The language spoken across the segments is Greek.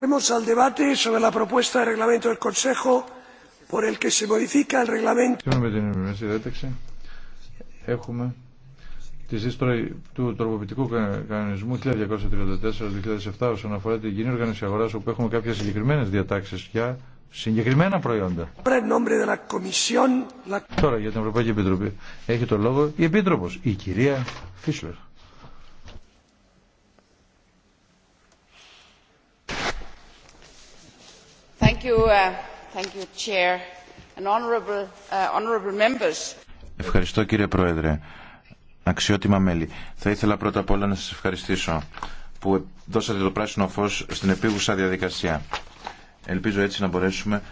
Pasemos al debate sobre la propuesta de reglamento del Consejo por el que se modifica el reglamento. Έχουμε τη σύσταση του τροποποιητικού κανονισμού 1234-2007 όσον αφορά την κοινή οργάνωση αγορά, όπου έχουμε κάποιε συγκεκριμένε διατάξει για συγκεκριμένα προϊόντα. Τώρα για την Ευρωπαϊκή Επιτροπή. Έχει το λόγο η Επίτροπο, η κυρία Φίσλερ. Uh, uh, Ευχαριστώ κύριε Πρόεδρε. Αξιότιμα μέλη. Θα ήθελα πρώτα απ' όλα να σας ευχαριστήσω που δώσατε το πράσινο φως στην επίγουσα διαδικασία. Ελπίζω έτσι να μπορέσουμε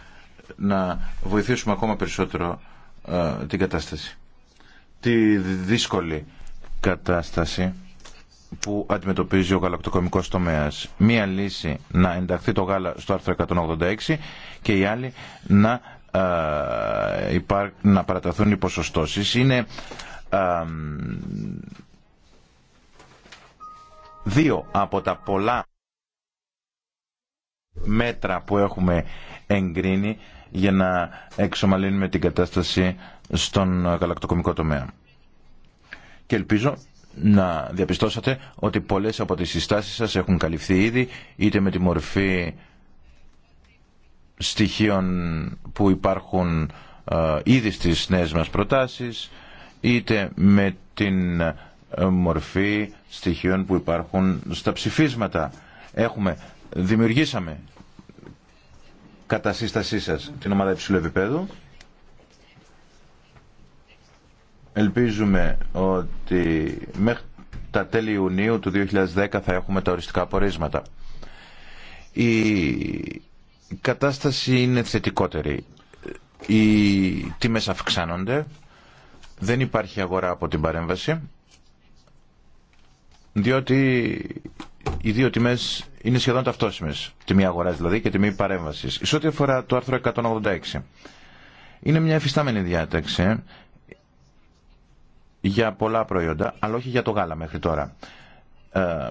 να βοηθήσουμε ακόμα περισσότερο ε, την κατάσταση. Τη δύσκολη κατάσταση που αντιμετωπίζει ο γαλακτοκομικός τομέας. Μία λύση να ενταχθεί το γάλα στο άρθρο 186 και η άλλη να, να παραταθούν οι ποσοστώσεις. Είναι δύο από τα πολλά μέτρα που έχουμε εγκρίνει για να εξομαλύνουμε την κατάσταση στον γαλακτοκομικό τομέα. Και ελπίζω να διαπιστώσατε ότι πολλές από τις συστάσεις σας έχουν καλυφθεί ήδη είτε με τη μορφή στοιχείων που υπάρχουν ε, ήδη στις νέες μας προτάσεις είτε με την ε, μορφή στοιχείων που υπάρχουν στα ψηφίσματα. Έχουμε, δημιουργήσαμε κατά σύστασή σας την ομάδα υψηλού Ελπίζουμε ότι μέχρι τα τέλη Ιουνίου του 2010 θα έχουμε τα οριστικά πορίσματα. Η κατάσταση είναι θετικότερη. Οι τιμές αυξάνονται, δεν υπάρχει αγορά από την παρέμβαση, διότι οι δύο τιμές είναι σχεδόν ταυτόσιμες. Τιμή αγοράς δηλαδή και τιμή παρέμβασης. Σε ό,τι αφορά το άρθρο 186, είναι μια εφιστάμενη διάταξη για πολλά προϊόντα, αλλά όχι για το γάλα μέχρι τώρα. Ε,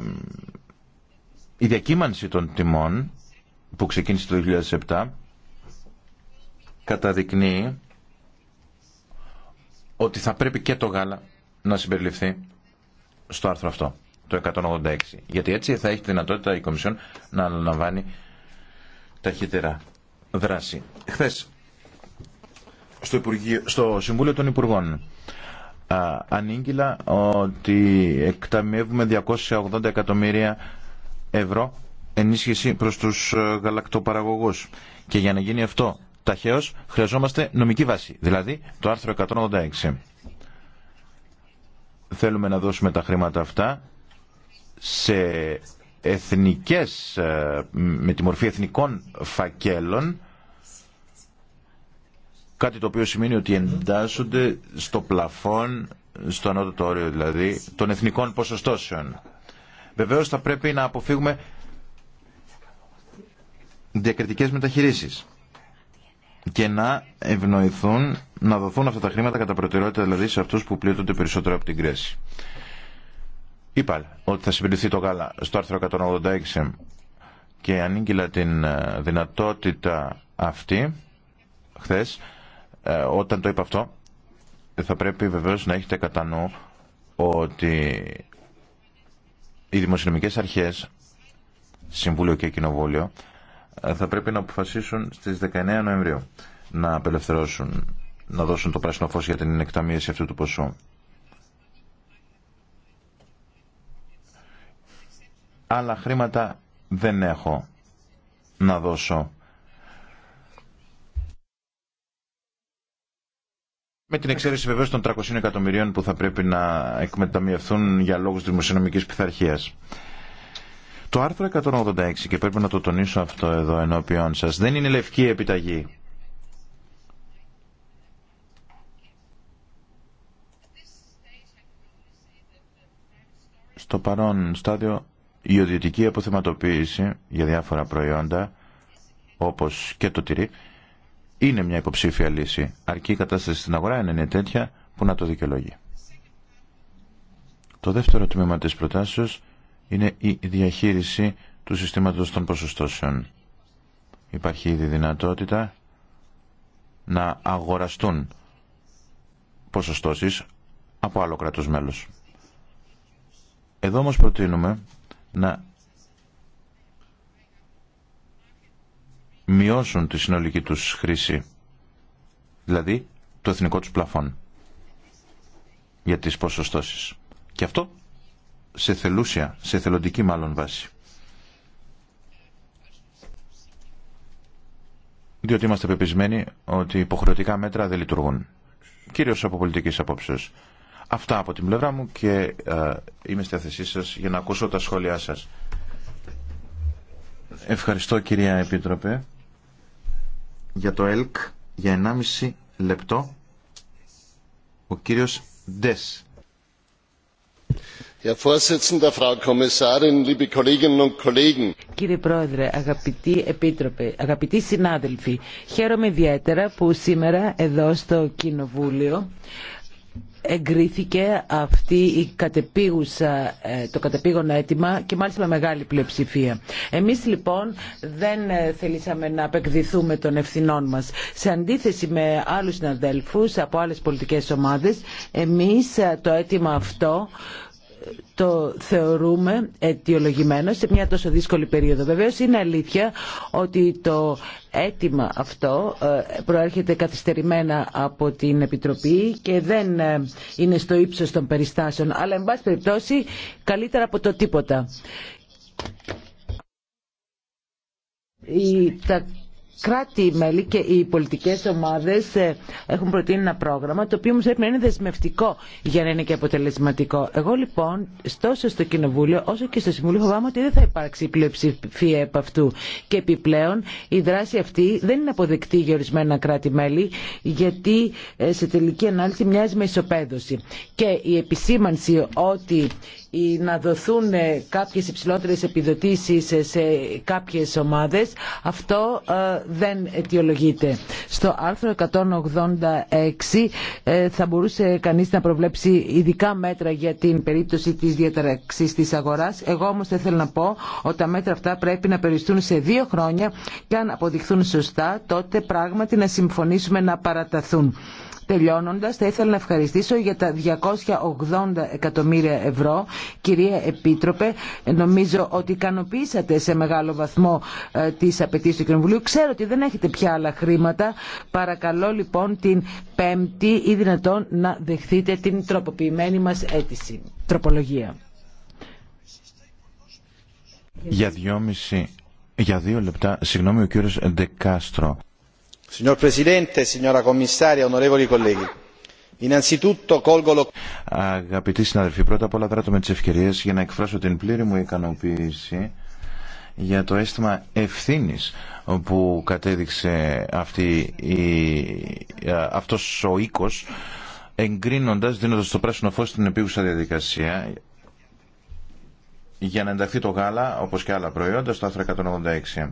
η διακύμανση των τιμών που ξεκίνησε το 2007 καταδεικνύει ότι θα πρέπει και το γάλα να συμπεριληφθεί στο άρθρο αυτό, το 186. Γιατί έτσι θα έχει τη δυνατότητα η Κομισιόν να αναλαμβάνει ταχύτερα δράση. Χθε στο, Υπουργείο, στο Συμβούλιο των Υπουργών ανήγγυλα ότι εκταμιεύουμε 280 εκατομμύρια ευρώ ενίσχυση προς τους ε, γαλακτοπαραγωγούς. Και για να γίνει αυτό ταχαίως χρειαζόμαστε νομική βάση, δηλαδή το άρθρο 186. Θέλουμε να δώσουμε τα χρήματα αυτά σε εθνικές, ε, με τη μορφή εθνικών φακέλων Κάτι το οποίο σημαίνει ότι εντάσσονται στο πλαφόν, στο ανώτατο όριο δηλαδή, των εθνικών ποσοστώσεων. Βεβαίως θα πρέπει να αποφύγουμε διακριτικές μεταχειρήσεις και να ευνοηθούν, να δοθούν αυτά τα χρήματα κατά προτεραιότητα δηλαδή σε αυτούς που πλήττονται περισσότερο από την κρίση. Είπα ότι θα συμπληρωθεί το γάλα στο άρθρο 186 και ανήγγειλα την ε, δυνατότητα αυτή χθες ε, όταν το είπα αυτό, θα πρέπει βεβαίως να έχετε κατά νου ότι οι δημοσιονομικές αρχές, Συμβούλιο και Κοινοβούλιο, ε, θα πρέπει να αποφασίσουν στις 19 Νοεμβρίου να απελευθερώσουν, να δώσουν το πράσινο φως για την εκταμίεση αυτού του ποσού. Άλλα χρήματα δεν έχω να δώσω Με την εξαίρεση βεβαίω των 300 εκατομμυρίων που θα πρέπει να εκμεταμιευθούν για λόγους δημοσιονομική πειθαρχία. Το άρθρο 186, και πρέπει να το τονίσω αυτό εδώ ενώπιον σας, δεν είναι λευκή επιταγή. Στο παρόν στάδιο, η ιδιωτική αποθεματοποίηση για διάφορα προϊόντα, όπως και το τυρί, είναι μια υποψήφια λύση, αρκεί η κατάσταση στην αγορά να είναι τέτοια που να το δικαιολογεί. Το δεύτερο τμήμα της προτάσεως είναι η διαχείριση του συστήματος των ποσοστώσεων. Υπάρχει ήδη δυνατότητα να αγοραστούν ποσοστώσεις από άλλο κράτος μέλος. Εδώ όμως προτείνουμε να μειώσουν τη συνολική τους χρήση, δηλαδή το εθνικό τους πλαφόν για τις ποσοστώσεις. Και αυτό σε θελούσια, σε θελοντική μάλλον βάση. Διότι είμαστε πεπισμένοι ότι υποχρεωτικά μέτρα δεν λειτουργούν. Κυρίως από πολιτικής απόψεως. Αυτά από την πλευρά μου και ε, είμαι στη θέση σας για να ακούσω τα σχόλιά σας. Ευχαριστώ κυρία Επίτροπε για το ΕΛΚ για 1,5 λεπτό ο κύριος Ντες. Κύριε Πρόεδρε, αγαπητοί επίτροπε, αγαπητοί συνάδελφοι, χαίρομαι ιδιαίτερα που σήμερα εδώ στο Κοινοβούλιο εγκρίθηκε αυτή η κατεπίγουσα, ε, το κατεπήγον αίτημα και μάλιστα με μεγάλη πλειοψηφία. Εμείς λοιπόν δεν ε, θελήσαμε να απεκδηθούμε των ευθυνών μας. Σε αντίθεση με άλλους συναδέλφους από άλλες πολιτικές ομάδες, εμείς ε, το αίτημα αυτό το θεωρούμε αιτιολογημένο σε μια τόσο δύσκολη περίοδο. Βεβαίω είναι αλήθεια ότι το αίτημα αυτό ε, προέρχεται καθυστερημένα από την Επιτροπή και δεν ε, είναι στο ύψος των περιστάσεων, αλλά εν πάση περιπτώσει καλύτερα από το τίποτα κράτη-μέλη και οι πολιτικές ομάδες ε, έχουν προτείνει ένα πρόγραμμα το οποίο μου πρέπει να είναι δεσμευτικό για να είναι και αποτελεσματικό. Εγώ λοιπόν τόσο στο Κοινοβούλιο όσο και στο Συμβούλιο φοβάμαι ότι δεν θα υπάρξει πλειοψηφία από αυτού και επιπλέον η δράση αυτή δεν είναι αποδεκτή για ορισμένα κράτη-μέλη γιατί ε, σε τελική ανάλυση μοιάζει με ισοπαίδωση και η επισήμανση ότι ή να δοθούν κάποιες υψηλότερες επιδοτήσεις σε κάποιες ομάδες, αυτό ε, δεν αιτιολογείται. Στο άρθρο 186 ε, θα μπορούσε κανείς να προβλέψει ειδικά μέτρα για την περίπτωση της διαταραξής της αγοράς. Εγώ όμως θα ήθελα να πω ότι τα μέτρα αυτά πρέπει να περιστούν σε δύο χρόνια και αν αποδειχθούν σωστά τότε πράγματι να συμφωνήσουμε να παραταθούν. Τελειώνοντας, θα ήθελα να ευχαριστήσω για τα 280 εκατομμύρια ευρώ. Κυρία Επίτροπε, νομίζω ότι ικανοποίησατε σε μεγάλο βαθμό ε, τις απαιτήσεις του Κοινοβουλίου. Ξέρω ότι δεν έχετε πια άλλα χρήματα. Παρακαλώ λοιπόν την Πέμπτη ή δυνατόν να δεχθείτε την τροποποιημένη μας αίτηση. Τροπολογία. Για για δύο λεπτά, συγγνώμη ο κύριος Ντεκάστρο signor presidente signora commissaria onorevoli colleghi innanzitutto colgo Αγαπητοί συναδελφοί, πρώτα απ' όλα δράτω με τι για να εκφράσω την πλήρη μου ικανοποίηση για το αίσθημα ευθύνης που κατέδειξε αυτή η, αυτός ο οίκος εγκρίνοντας, δίνοντας το πράσινο φως στην επίγουσα διαδικασία για να ενταχθεί το γάλα, όπως και άλλα προϊόντα, στο άρθρο 186.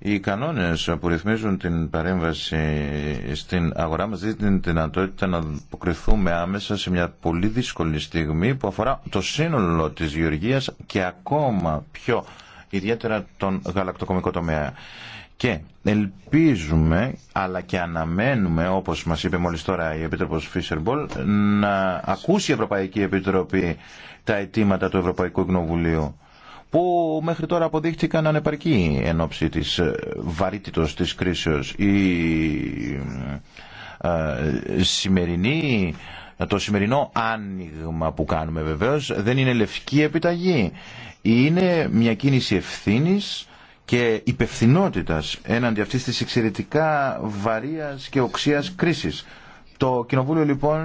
Οι κανόνες που ρυθμίζουν την παρέμβαση στην αγορά μας δίνουν την δυνατότητα να αποκριθούμε άμεσα σε μια πολύ δύσκολη στιγμή που αφορά το σύνολο της γεωργίας και ακόμα πιο ιδιαίτερα τον γαλακτοκομικό τομέα. Και ελπίζουμε, αλλά και αναμένουμε, όπως μας είπε μόλις τώρα η Επίτροπος Φίσερμπολ, να ακούσει η Ευρωπαϊκή Επιτροπή τα αιτήματα του Ευρωπαϊκού Κοινοβουλίου που μέχρι τώρα αποδείχτηκαν ανεπαρκή εν ώψη της ε, βαρύτητος της κρίσεως. Η ε, ε, σημερινή το σημερινό άνοιγμα που κάνουμε βεβαίως δεν είναι λευκή επιταγή. Είναι μια κίνηση ευθύνης και υπευθυνότητας έναντι αυτής της εξαιρετικά βαρίας και οξίας κρίσης. Το Κοινοβούλιο λοιπόν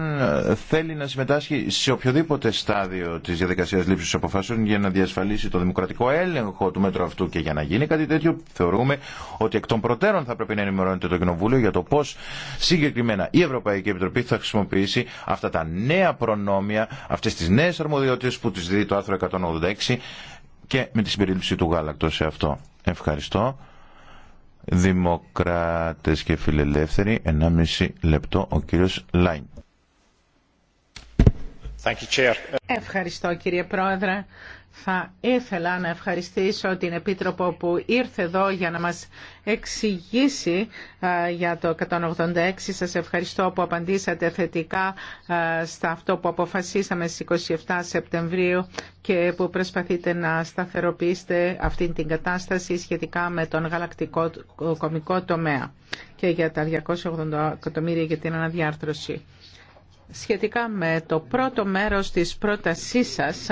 θέλει να συμμετάσχει σε οποιοδήποτε στάδιο της διαδικασίας λήψης αποφάσεων για να διασφαλίσει το δημοκρατικό έλεγχο του μέτρου αυτού και για να γίνει κάτι τέτοιο θεωρούμε ότι εκ των προτέρων θα πρέπει να ενημερώνεται το Κοινοβούλιο για το πώς συγκεκριμένα η Ευρωπαϊκή Επιτροπή θα χρησιμοποιήσει αυτά τα νέα προνόμια, αυτές τις νέες αρμοδιότητες που τις δίδει το άρθρο 186 και με τη συμπερίληψη του Γάλακτο σε αυτό. Ευχαριστώ. Δημοκράτες και φιλελεύθεροι, 1,5 λεπτό ο κύριος Λάιν. Ευχαριστώ κύριε Πρόεδρε. Θα ήθελα να ευχαριστήσω την Επίτροπο που ήρθε εδώ για να μας εξηγήσει για το 186. Σας ευχαριστώ που απαντήσατε θετικά στα αυτό που αποφασίσαμε στις 27 Σεπτεμβρίου και που προσπαθείτε να σταθεροποιήσετε αυτή την κατάσταση σχετικά με τον γαλακτικό κομικό τομέα και για τα 280 εκατομμύρια για την αναδιάρθρωση σχετικά με το πρώτο μέρος της πρότασής σας,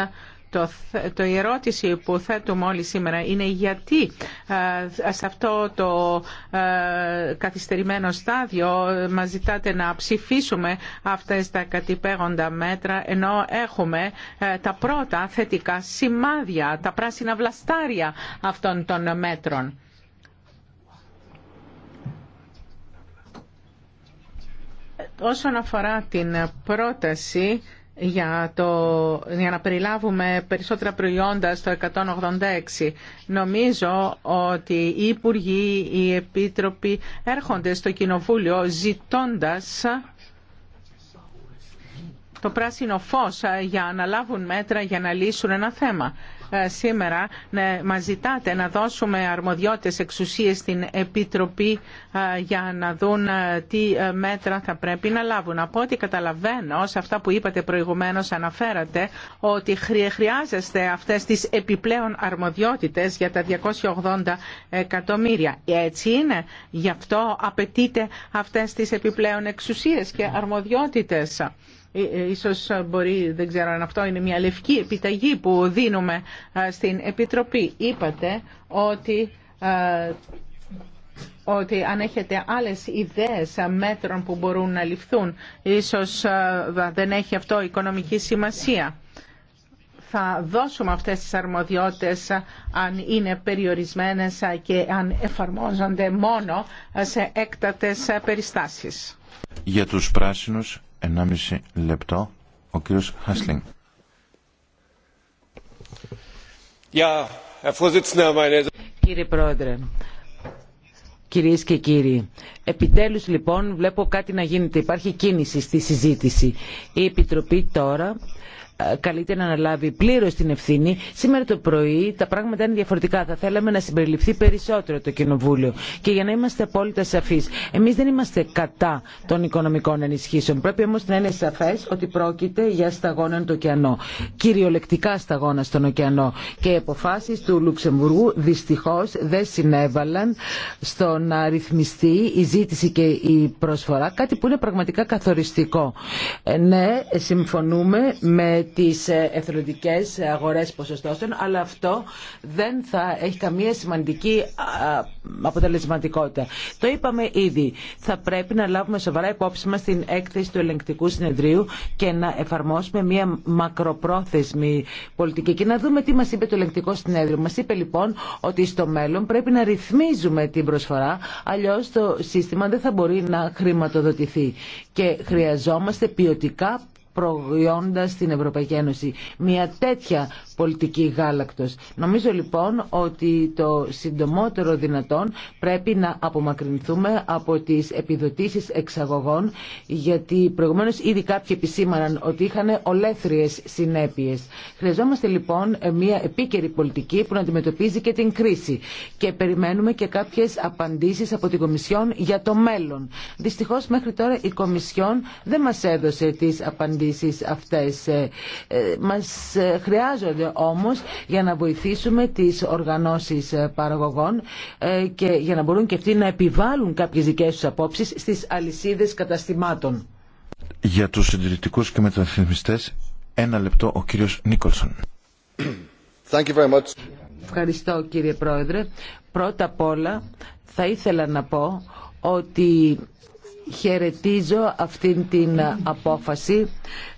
το, το, η ερώτηση που θέτουμε όλοι σήμερα είναι γιατί α, ε, σε αυτό το α, ε, καθυστερημένο στάδιο ε, μας ζητάτε να ψηφίσουμε αυτές τα κατυπέγοντα μέτρα ενώ έχουμε τα πρώτα θετικά σημάδια, τα πράσινα βλαστάρια αυτών των μέτρων. Όσον αφορά την πρόταση για, το, να περιλάβουμε περισσότερα προϊόντα στο 186. Νομίζω ότι οι Υπουργοί, οι Επίτροποι έρχονται στο Κοινοβούλιο ζητώντας το πράσινο φως για να λάβουν μέτρα για να λύσουν ένα θέμα. Ε, σήμερα να μας ζητάτε να δώσουμε αρμοδιότητες εξουσίες στην Επιτροπή ε, για να δουν ε, τι μέτρα θα πρέπει να λάβουν. Από ό,τι καταλαβαίνω, σε αυτά που είπατε προηγουμένως αναφέρατε, ότι χρειάζεστε αυτές τις επιπλέον αρμοδιότητες για τα 280 εκατομμύρια. Έτσι είναι. Γι' αυτό απαιτείτε αυτές τις επιπλέον εξουσίες και αρμοδιότητες. Ε, ε, ίσως μπορεί, δεν ξέρω αν αυτό είναι μια λευκή επιταγή που δίνουμε στην Επιτροπή. Είπατε ότι ότι αν έχετε άλλες ιδέες μέτρων που μπορούν να ληφθούν, ίσως δεν έχει αυτό οικονομική σημασία. Θα δώσουμε αυτές τις αρμοδιότητες αν είναι περιορισμένες και αν εφαρμόζονται μόνο σε έκτατες περιστάσεις. Για τους πράσινους, 1,5 λεπτό ο κύριος Χάσλινγκ. Κύριε Πρόεδρε, κυρίες και κύριοι, επιτέλους λοιπόν βλέπω κάτι να γίνεται. Υπάρχει κίνηση στη συζήτηση. Η Επιτροπή τώρα Καλύτερα να αναλάβει πλήρω την ευθύνη. Σήμερα το πρωί τα πράγματα είναι διαφορετικά. Θα θέλαμε να συμπεριληφθεί περισσότερο το Κοινοβούλιο. Και για να είμαστε απόλυτα σαφεί, εμεί δεν είμαστε κατά των οικονομικών ενισχύσεων. Πρέπει όμω να είναι σαφέ ότι πρόκειται για σταγόνα στον ωκεανό. Κυριολεκτικά σταγόνα στον ωκεανό. Και οι αποφάσει του Λουξεμβουργού δυστυχώ δεν συνέβαλαν στο να ρυθμιστεί η ζήτηση και η προσφορά. Κάτι που είναι πραγματικά καθοριστικό. Ε, ναι, συμφωνούμε με τις ε, εθελοντικές αγορές ποσοστώσεων, αλλά αυτό δεν θα έχει καμία σημαντική αποτελεσματικότητα. Το είπαμε ήδη. Θα πρέπει να λάβουμε σοβαρά υπόψη μας την έκθεση του ελεγκτικού συνεδρίου και να εφαρμόσουμε μια μακροπρόθεσμη πολιτική. Και να δούμε τι μας είπε το ελεγκτικό συνέδριο. Μας είπε λοιπόν ότι στο μέλλον πρέπει να ρυθμίζουμε την προσφορά, αλλιώς το σύστημα δεν θα μπορεί να χρηματοδοτηθεί. Και χρειαζόμαστε ποιοτικά προϊόντα στην Ευρωπαϊκή Ένωση. Μια τέτοια πολιτική γάλακτος. Νομίζω λοιπόν ότι το συντομότερο δυνατόν πρέπει να απομακρυνθούμε από τις επιδοτήσεις εξαγωγών γιατί προηγουμένως ήδη κάποιοι επισήμαναν ότι είχαν ολέθριες συνέπειες. Χρειαζόμαστε λοιπόν μια επίκαιρη πολιτική που να αντιμετωπίζει και την κρίση και περιμένουμε και κάποιες απαντήσεις από την Κομισιόν για το μέλλον. Δυστυχώς μέχρι τώρα η Κομισιόν δεν μας έδωσε τις απαντήσει επενδύσεις αυτές. Ε, ε, μας ε, χρειάζονται όμως για να βοηθήσουμε τις οργανώσεις παραγωγών και για να μπορούν και αυτοί να επιβάλλουν κάποιες δικές τους απόψεις στις αλυσίδες καταστημάτων. Για τους συντηρητικούς και μεταθυμιστές, ένα λεπτό ο κύριος Νίκολσον. Thank you very much. Ευχαριστώ κύριε Πρόεδρε. Πρώτα απ' όλα θα ήθελα να πω ότι χαιρετίζω αυτήν την απόφαση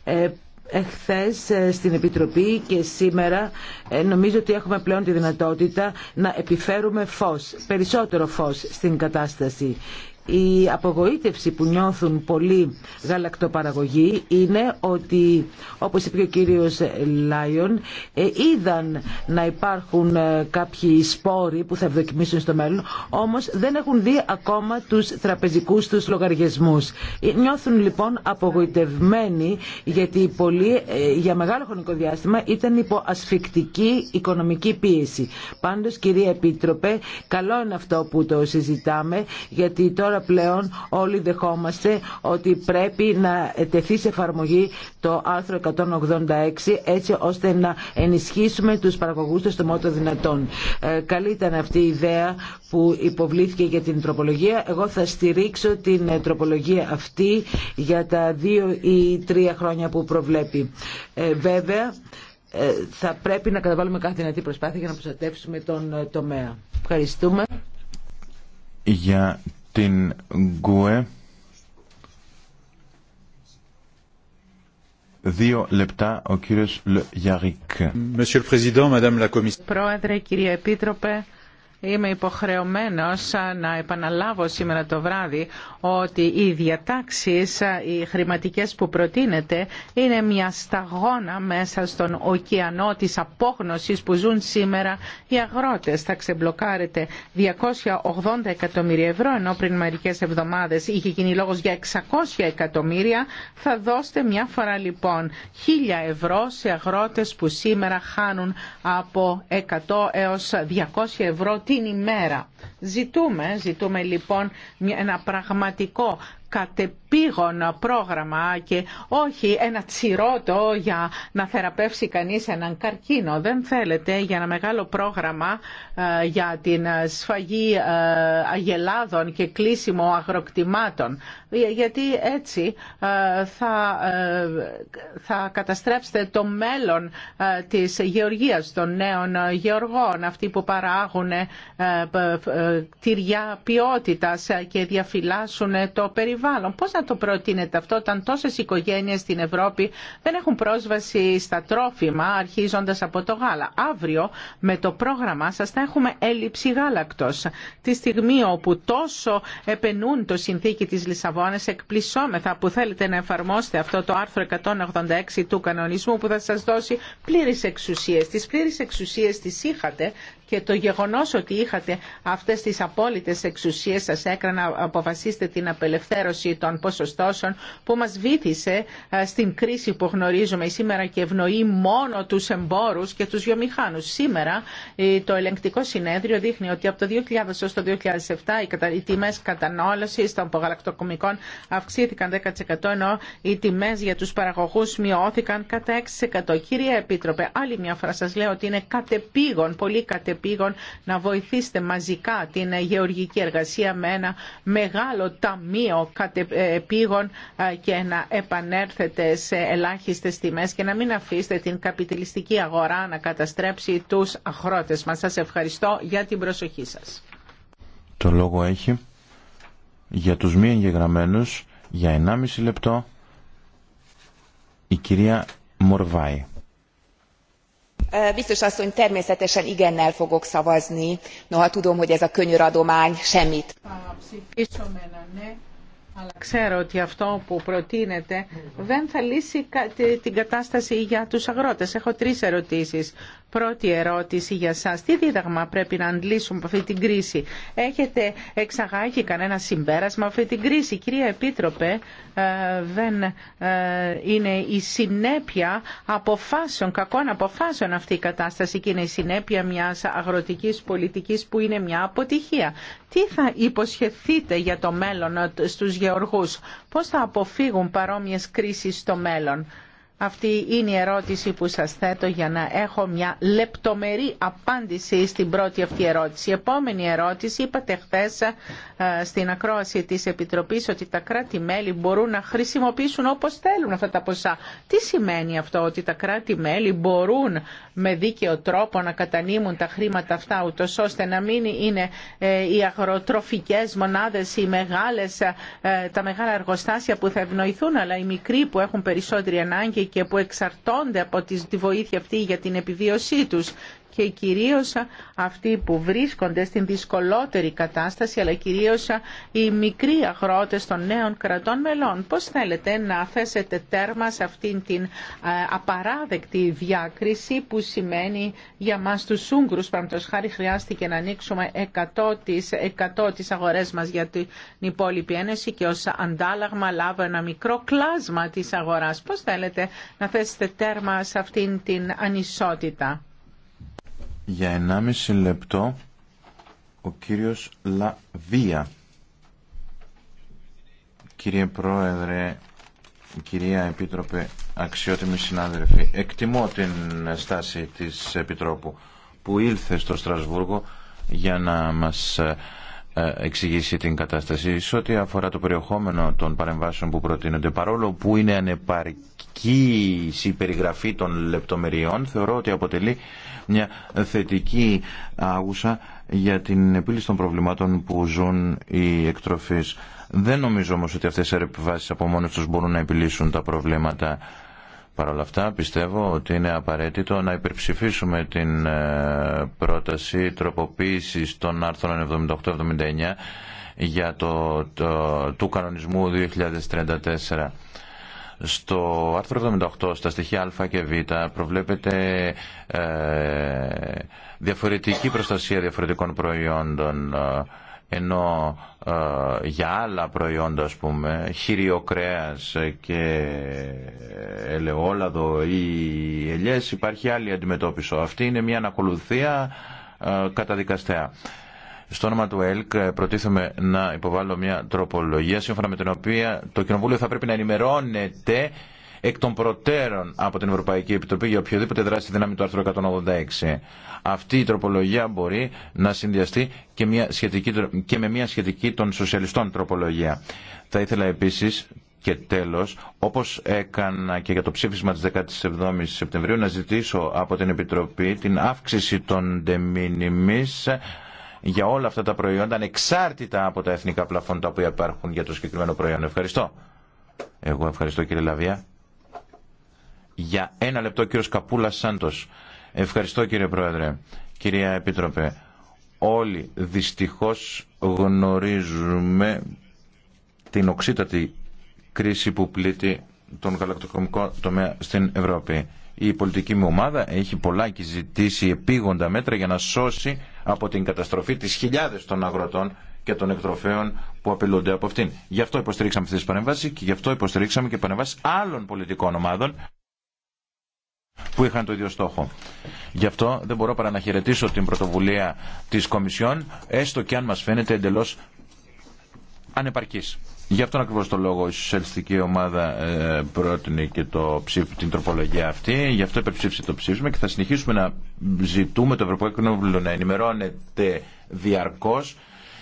ε, εχθές ε, στην Επιτροπή και σήμερα ε, νομίζω ότι έχουμε πλέον τη δυνατότητα να επιφέρουμε φως, περισσότερο φως στην κατάσταση. Η απογοήτευση που νιώθουν πολλοί γαλακτοπαραγωγοί είναι ότι, όπως είπε ο κύριος Λάιον, ε, είδαν να υπάρχουν ε, κάποιοι σπόροι που θα ευδοκιμήσουν στο μέλλον, όμως δεν έχουν δει ακόμα τους τραπεζικούς τους λογαριασμούς. Ε, νιώθουν λοιπόν απογοητευμένοι γιατί πολλοί για μεγάλο χρονικό διάστημα ήταν υπό ασφικτική οικονομική πίεση. Πάντως, κυρία Επίτροπε, καλό είναι αυτό που το συζητάμε, γιατί τώρα Τώρα πλέον όλοι δεχόμαστε ότι πρέπει να τεθεί σε εφαρμογή το άρθρο 186 έτσι ώστε να ενισχύσουμε τους παραγωγούς των στομότων δυνατών. Ε, καλή ήταν αυτή η ιδέα που υποβλήθηκε για την τροπολογία. Εγώ θα στηρίξω την ε, τροπολογία αυτή για τα δύο ή τρία χρόνια που προβλέπει. Ε, βέβαια, θα πρέπει να καταβάλουμε κάθε δυνατή προσπάθεια για να προστατεύσουμε τον τομέα. Ευχαριστούμε. Για την Γκουε. Δύο λεπτά ο κύριος Λεγιαρικ. Γιαρικ. Πρόεδρε, κύριε Επίτροπε, Είμαι υποχρεωμένος να επαναλάβω σήμερα το βράδυ ότι οι διατάξεις, οι χρηματικές που προτείνεται είναι μια σταγόνα μέσα στον ωκεανό της απόγνωσης που ζουν σήμερα οι αγρότες. Θα ξεμπλοκάρετε 280 εκατομμύρια ευρώ ενώ πριν μερικές εβδομάδες είχε γίνει λόγος για 600 εκατομμύρια. Θα δώσετε μια φορά λοιπόν 1000 ευρώ σε αγρότες που σήμερα χάνουν από 100 έως 200 ευρώ την ημέρα. Ζητούμε, ζητούμε λοιπόν ένα πραγματικό κατεπήγον πρόγραμμα και όχι ένα τσιρότο για να θεραπεύσει κανείς έναν καρκίνο. Δεν θέλετε για ένα μεγάλο πρόγραμμα ε, για την σφαγή ε, αγελάδων και κλείσιμο αγροκτημάτων. Ε, γιατί έτσι θα, θα καταστρέψετε το μέλλον της γεωργίας των νέων γεωργών, αυτοί που παράγουν τυριά ποιότητας και διαφυλάσσουν το περιβάλλον περιβάλλον. Πώς να το προτείνετε αυτό όταν τόσες οικογένειες στην Ευρώπη δεν έχουν πρόσβαση στα τρόφιμα αρχίζοντας από το γάλα. Αύριο με το πρόγραμμά σας θα έχουμε έλλειψη γάλακτος. Τη στιγμή όπου τόσο επενούν το συνθήκη της Λισαβόνας εκπλησόμεθα που θέλετε να εφαρμόσετε αυτό το άρθρο 186 του κανονισμού που θα σας δώσει πλήρες εξουσίες. Τις πλήρες εξουσίες τις είχατε και το γεγονός ότι είχατε αυτές τις απόλυτες εξουσίες σας έκανα αποφασίσετε την απελευθέρωση των ποσοστώσεων που μας βήθησε στην κρίση που γνωρίζουμε σήμερα και ευνοεί μόνο τους εμπόρους και τους βιομηχάνους. Σήμερα ε, το ελεγκτικό συνέδριο δείχνει ότι από το 2000 έως το 2007 οι τιμές κατανόλωσης των απογαλακτοκομικών αυξήθηκαν 10% ενώ οι τιμές για τους παραγωγούς μειώθηκαν κατά 6%. Κύριε Επίτροπε, άλλη μια φορά σας λέω ότι είναι κατεπήγον, πολύ κατεπήγον να βοηθήσετε μαζικά την γεωργική εργασία με ένα μεγάλο ταμείο επίγον ε, και να επανέρθετε σε ελάχιστες τιμές και να μην αφήσετε την καπιταλιστική αγορά να καταστρέψει τους αχρότες μας. Σας ευχαριστώ για την προσοχή σας. Το λόγο έχει για τους μη εγγεγραμμένους για 1,5 λεπτό η κυρία Μορβάη biztos ότι, természetesen igennel ξέρω ότι αυτό που προτείνεται δεν θα λύσει την κατάσταση για τους αγρότες. Έχω τρεις ερωτήσεις. Πρώτη ερώτηση για σας. Τι δίδαγμα πρέπει να αντλήσουμε από αυτή την κρίση. Έχετε εξαγάγει κανένα συμπέρασμα από αυτή την κρίση. Κυρία Επίτροπε, ε, δεν ε, είναι η συνέπεια αποφάσεων, κακών αποφάσεων αυτή η κατάσταση και είναι η συνέπεια μιας αγροτικής πολιτικής που είναι μια αποτυχία. Τι θα υποσχεθείτε για το μέλλον ε, στους γεωργούς. Πώς θα αποφύγουν παρόμοιες κρίσεις στο μέλλον. Αυτή είναι η ερώτηση που σας θέτω για να έχω μια λεπτομερή απάντηση στην πρώτη αυτή ερώτηση. Η επόμενη ερώτηση, είπατε χθε ε, στην ακρόαση της Επιτροπής ότι τα κράτη-μέλη μπορούν να χρησιμοποιήσουν όπως θέλουν αυτά τα ποσά. Τι σημαίνει αυτό, ότι τα κράτη-μέλη μπορούν με δίκαιο τρόπο να κατανείμουν τα χρήματα αυτά ούτως ώστε να μην είναι ε, οι αγροτροφικές μονάδες οι μεγάλες, ε, τα μεγάλα εργοστάσια που θα ευνοηθούν αλλά οι μικροί που έχουν περισσότερη ανάγκη και που εξαρτώνται από τη βοήθεια αυτή για την επιβίωσή τους και κυρίως αυτοί που βρίσκονται στην δυσκολότερη κατάσταση αλλά κυρίως οι μικροί αγρότες των νέων κρατών μελών. Πώς θέλετε να θέσετε τέρμα σε αυτήν την ε, απαράδεκτη διάκριση που σημαίνει για μας τους Ούγγρους παραμπτός χάρη χρειάστηκε να ανοίξουμε 100 τις, 100 τις αγορές μας για την υπόλοιπη ένωση και ως αντάλλαγμα λάβω ένα μικρό κλάσμα της αγοράς. Πώς θέλετε να θέσετε τέρμα σε αυτήν την ανισότητα. Για 1,5 λεπτό ο κύριος Λαβία. Κύριε Πρόεδρε, κυρία Επίτροπε, αξιότιμοι συνάδελφοι, εκτιμώ την στάση της Επιτρόπου που ήλθε στο Στρασβούργο για να μας ε, εξηγήσει την κατάσταση. Σε ό,τι αφορά το περιεχόμενο των παρεμβάσεων που προτείνονται, παρόλο που είναι ανεπαρκή η περιγραφή των λεπτομεριών, θεωρώ ότι αποτελεί μια θετική άγουσα για την επίλυση των προβλημάτων που ζουν οι εκτροφείς. Δεν νομίζω όμως ότι αυτές οι επιβάσεις από μόνες τους μπορούν να επιλύσουν τα προβλήματα Παρ' όλα αυτά πιστεύω ότι είναι απαραίτητο να υπερψηφίσουμε την ε, πρόταση τροποποίησης των άρθρων 78-79 για το, το, του κανονισμού 2034. Στο άρθρο 78, στα στοιχεία α και β, προβλέπεται ε, διαφορετική προστασία διαφορετικών προϊόντων. Ε, ενώ ε, για άλλα προϊόντα ας πούμε χειριοκρέας και ελαιόλαδο ή ελιές υπάρχει άλλη αντιμετώπιση αυτή είναι μια ανακολουθία ε, καταδικαστέα στο όνομα του ΕΛΚ ε, προτίθεμαι να υποβάλω μια τροπολογία σύμφωνα με την οποία το Κοινοβούλιο θα πρέπει να ενημερώνεται εκ των προτέρων από την Ευρωπαϊκή Επιτροπή για οποιοδήποτε δράση δυνάμει του άρθρου 186. Αυτή η τροπολογία μπορεί να συνδυαστεί και, μια σχετική, και με μια σχετική των σοσιαλιστών τροπολογία. Θα ήθελα επίσης και τέλος, όπως έκανα και για το ψήφισμα της 17ης Σεπτεμβρίου, να ζητήσω από την Επιτροπή την αύξηση των ντεμίνιμις για όλα αυτά τα προϊόντα, ανεξάρτητα από τα εθνικά πλαφόντα που υπάρχουν για το συγκεκριμένο προϊόν. Ευχαριστώ. Εγώ ευχαριστώ κύριε Λαβία. Για ένα λεπτό κύριο Καπούλα Σάντο. Ευχαριστώ κύριε Πρόεδρε. Κυρία Επίτροπε, όλοι δυστυχώ γνωρίζουμε την οξύτατη κρίση που πλήττει τον γαλακτοκομικό τομέα στην Ευρώπη. Η πολιτική μου ομάδα έχει πολλά και ζητήσει επίγοντα μέτρα για να σώσει από την καταστροφή τις χιλιάδες των αγροτών και των εκτροφέων που απειλούνται από αυτήν. Γι' αυτό υποστηρίξαμε αυτήν την παρέμβαση και γι' αυτό υποστηρίξαμε και παρέμβαση άλλων πολιτικών ομάδων που είχαν το ίδιο στόχο. Γι' αυτό δεν μπορώ παρά να χαιρετήσω την πρωτοβουλία της Κομισιόν, έστω και αν μας φαίνεται εντελώς ανεπαρκής. Γι' αυτόν ακριβώς το λόγο η σοσιαλιστική ομάδα ε, πρότεινε και το την τροπολογία αυτή. Γι' αυτό υπερψήφισε το ψήφισμα και θα συνεχίσουμε να ζητούμε το Ευρωπαϊκό Κοινοβούλιο να ενημερώνεται διαρκώ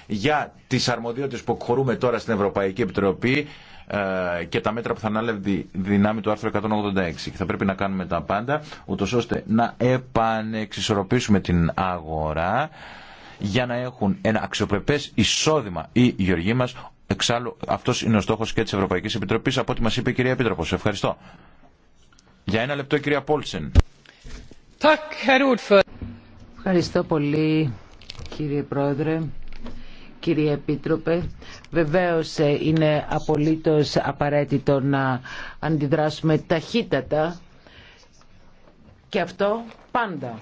για τις αρμοδιότητε που χωρούμε τώρα στην Ευρωπαϊκή Επιτροπή ε, και τα μέτρα που θα ανάλευε δυνάμει του άρθρου 186. θα πρέπει να κάνουμε τα πάντα, ούτω ώστε να επανεξισορροπήσουμε την αγορά για να έχουν ένα αξιοπρεπέ εισόδημα οι γεωργοί μας. Εξάλλου, αυτός είναι ο στόχο και τη Ευρωπαϊκής Επιτροπής, από ό,τι μα είπε η κυρία Επίτροπος. Ευχαριστώ. Για ένα λεπτό, η κυρία Πόλσεν. Ευχαριστώ πολύ, κύριε Πρόεδρε. Κύριε Επίτροπε, βεβαίως ε, είναι απολύτως απαραίτητο να αντιδράσουμε ταχύτατα και αυτό πάντα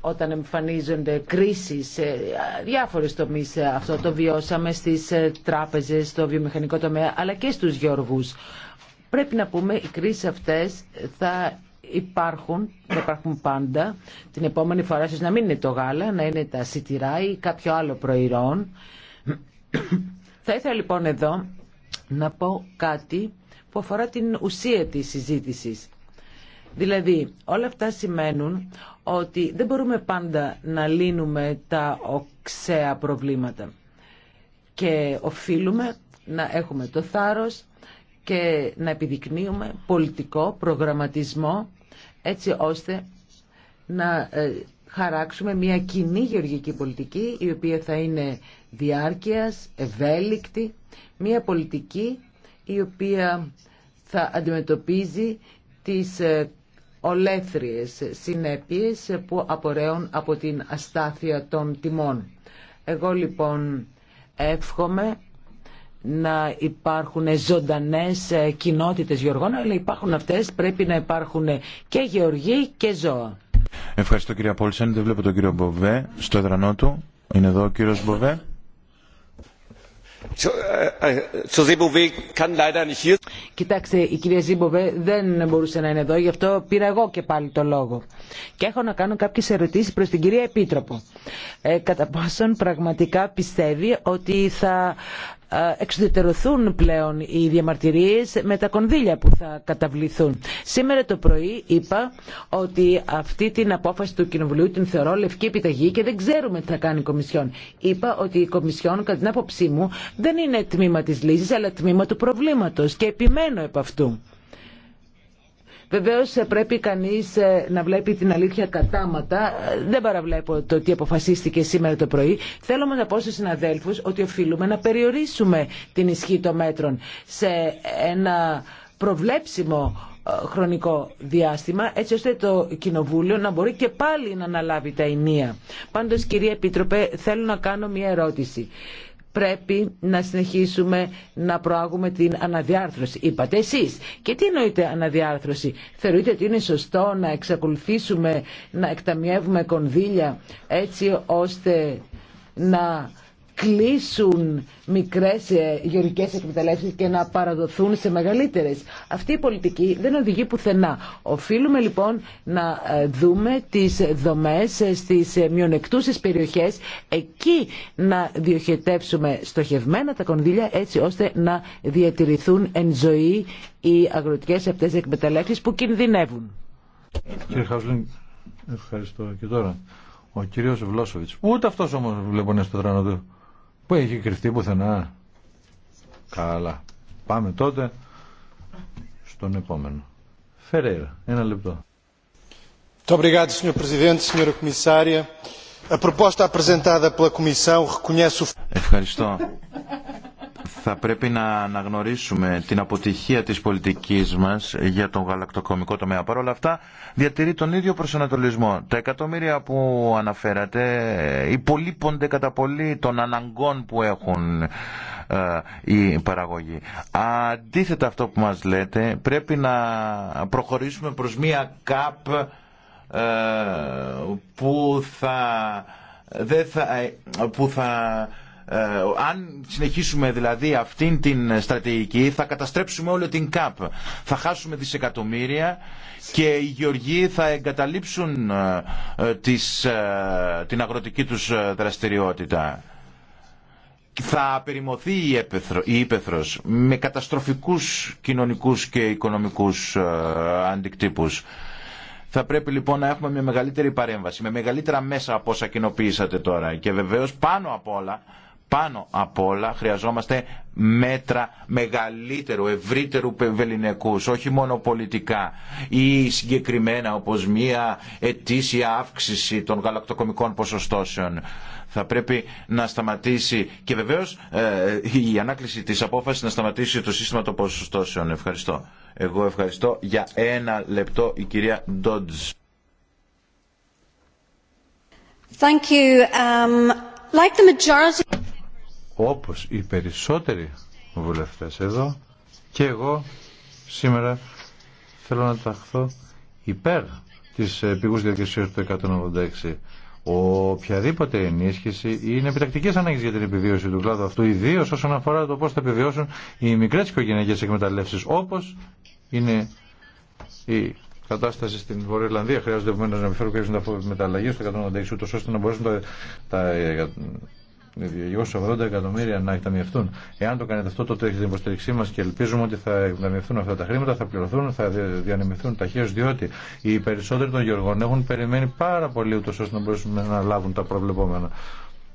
όταν εμφανίζονται κρίσεις σε διάφορες τομείς. Ε, αυτό το βιώσαμε στις ε, τράπεζες, στο βιομηχανικό τομέα, αλλά και στους γεωργούς. Πρέπει να πούμε, οι κρίσεις αυτές θα υπάρχουν, θα υπάρχουν πάντα. Την επόμενη φορά, ίσως να μην είναι το γάλα, να είναι τα σιτηρά ή κάποιο άλλο προϊόν. Θα ήθελα λοιπόν εδώ να πω κάτι που αφορά την ουσία της συζήτησης. Δηλαδή, όλα αυτά σημαίνουν ότι δεν μπορούμε πάντα να λύνουμε τα οξέα προβλήματα. Και οφείλουμε να έχουμε το θάρρος και να επιδεικνύουμε πολιτικό προγραμματισμό έτσι ώστε να ε, χαράξουμε μια κοινή γεωργική πολιτική η οποία θα είναι διάρκειας, ευέλικτη, μια πολιτική η οποία θα αντιμετωπίζει τις ε, ολέθριες συνέπειες που απορρέουν από την αστάθεια των τιμών. Εγώ λοιπόν εύχομαι να υπάρχουν ζωντανές ε, κοινότητες γεωργών, αλλά υπάρχουν αυτές, πρέπει να υπάρχουν και γεωργοί και ζώα. Ευχαριστώ κύριε Πόλσεν. Δεν βλέπω τον κύριο Μποβέ στο έδρανό του. Είναι εδώ ο κύριος Μποβέ. Äh, äh, Κοιτάξτε, η κυρία Ζήμποβε δεν μπορούσε να είναι εδώ, γι' αυτό πήρα εγώ και πάλι το λόγο. Και έχω να κάνω κάποιε ερωτήσει προ την κυρία Επίτροπο. Ε, κατά πόσον πραγματικά πιστεύει ότι θα ε, εξουδετερωθούν πλέον οι διαμαρτυρίες με τα κονδύλια που θα καταβληθούν. Σήμερα το πρωί είπα ότι αυτή την απόφαση του Κοινοβουλίου την θεωρώ λευκή επιταγή και δεν ξέρουμε τι θα κάνει η Κομισιόν. Είπα ότι η Κομισιόν κατά την άποψή μου δεν είναι τμήμα της λύσης αλλά τμήμα του προβλήματος και επιμένω επ' αυτού. Βεβαίω ε, πρέπει κανείς ε, να βλέπει την αλήθεια κατάματα. Ε, δεν παραβλέπω το τι αποφασίστηκε σήμερα το πρωί. Θέλω να πω στου συναδέλφου ότι οφείλουμε να περιορίσουμε την ισχύ των μέτρων σε ένα προβλέψιμο χρονικό διάστημα έτσι ώστε το Κοινοβούλιο να μπορεί και πάλι να αναλάβει τα ενία. Πάντως κυρία Επίτροπε θέλω να κάνω μια ερώτηση πρέπει να συνεχίσουμε να προάγουμε την αναδιάρθρωση. Είπατε εσείς. Και τι εννοείται αναδιάρθρωση. Θεωρείτε ότι είναι σωστό να εξακολουθήσουμε να εκταμιεύουμε κονδύλια έτσι ώστε να κλείσουν μικρές ε, γεωργικές εκμεταλλεύσεις και να παραδοθούν σε μεγαλύτερες. Αυτή η πολιτική δεν οδηγεί πουθενά. Οφείλουμε λοιπόν να ε, δούμε τις δομές ε, στις μειονεκτούσες περιοχές, εκεί να διοχετεύσουμε στοχευμένα τα κονδύλια έτσι ώστε να διατηρηθούν εν ζωή οι αγροτικές αυτές εκμεταλλεύσεις που κινδυνεύουν. Κύριε ευχαριστώ και τώρα. Ο κύριος Βλόσοβιτς, ούτε αυτός όμως βλέπω είναι στο τρανό Πού έχει κρυφτεί πουθενά. Καλά. Πάμε τότε στον επόμενο. Φερέιρα, ένα λεπτό. Ευχαριστώ θα πρέπει να αναγνωρίσουμε την αποτυχία της πολιτικής μας για τον γαλακτοκομικό τομέα. Παρ' όλα αυτά διατηρεί τον ίδιο προσανατολισμό. Τα εκατομμύρια που αναφέρατε υπολείπονται κατά πολύ των αναγκών που έχουν ε, οι παραγωγοί. Αντίθετα αυτό που μας λέτε πρέπει να προχωρήσουμε προς μία ΚΑΠ ε, που θα, δεν θα, ε, που θα ε, αν συνεχίσουμε δηλαδή αυτήν την στρατηγική θα καταστρέψουμε όλη την ΚΑΠ. Θα χάσουμε δισεκατομμύρια και οι γεωργοί θα εγκαταλείψουν ε, ε, την αγροτική τους δραστηριότητα. Θα περιμωθεί η ύπεθρος με καταστροφικούς κοινωνικούς και οικονομικούς αντικτύπους. Θα πρέπει λοιπόν να έχουμε μια μεγαλύτερη παρέμβαση, με μεγαλύτερα μέσα από όσα κοινοποίησατε τώρα. Και βεβαίως πάνω απ' όλα πάνω απ' όλα χρειαζόμαστε μέτρα μεγαλύτερου, ευρύτερου βεληνικούς, όχι μόνο πολιτικά ή συγκεκριμένα όπως μία ετήσια αύξηση των γαλακτοκομικών ποσοστώσεων. Θα πρέπει να σταματήσει και βεβαίως ε, η ανάκληση της απόφασης να σταματήσει το σύστημα των ποσοστώσεων. Ευχαριστώ. Εγώ ευχαριστώ. Για ένα λεπτό η κυρία Ντότζ. Thank um, όπως οι περισσότεροι βουλευτές εδώ και εγώ σήμερα θέλω να ταχθώ υπέρ της πηγούς διαδικασίας του 186. Οποιαδήποτε ενίσχυση είναι επιτακτική ανάγκη για την επιβίωση του κλάδου αυτού, ιδίω όσον αφορά το πώ θα επιβιώσουν οι μικρέ οικογενειακέ εκμεταλλεύσει, όπω είναι η κατάσταση στην Βόρεια Ιρλανδία. Χρειάζονται επομένω να επιφέρουν κάποιε μεταλλαγέ στο 186, ούτω ώστε να μπορέσουν τα, τα 280 εκατομμύρια να εκταμιευτούν. Εάν το κάνετε αυτό, τότε έχετε την υποστήριξή μα και ελπίζουμε ότι θα εκταμιευτούν αυτά τα χρήματα, θα πληρωθούν, θα διανεμηθούν ταχύω, διότι οι περισσότεροι των γεωργών έχουν περιμένει πάρα πολύ, ούτω ώστε να μπορέσουν να λάβουν τα προβλεπόμενα.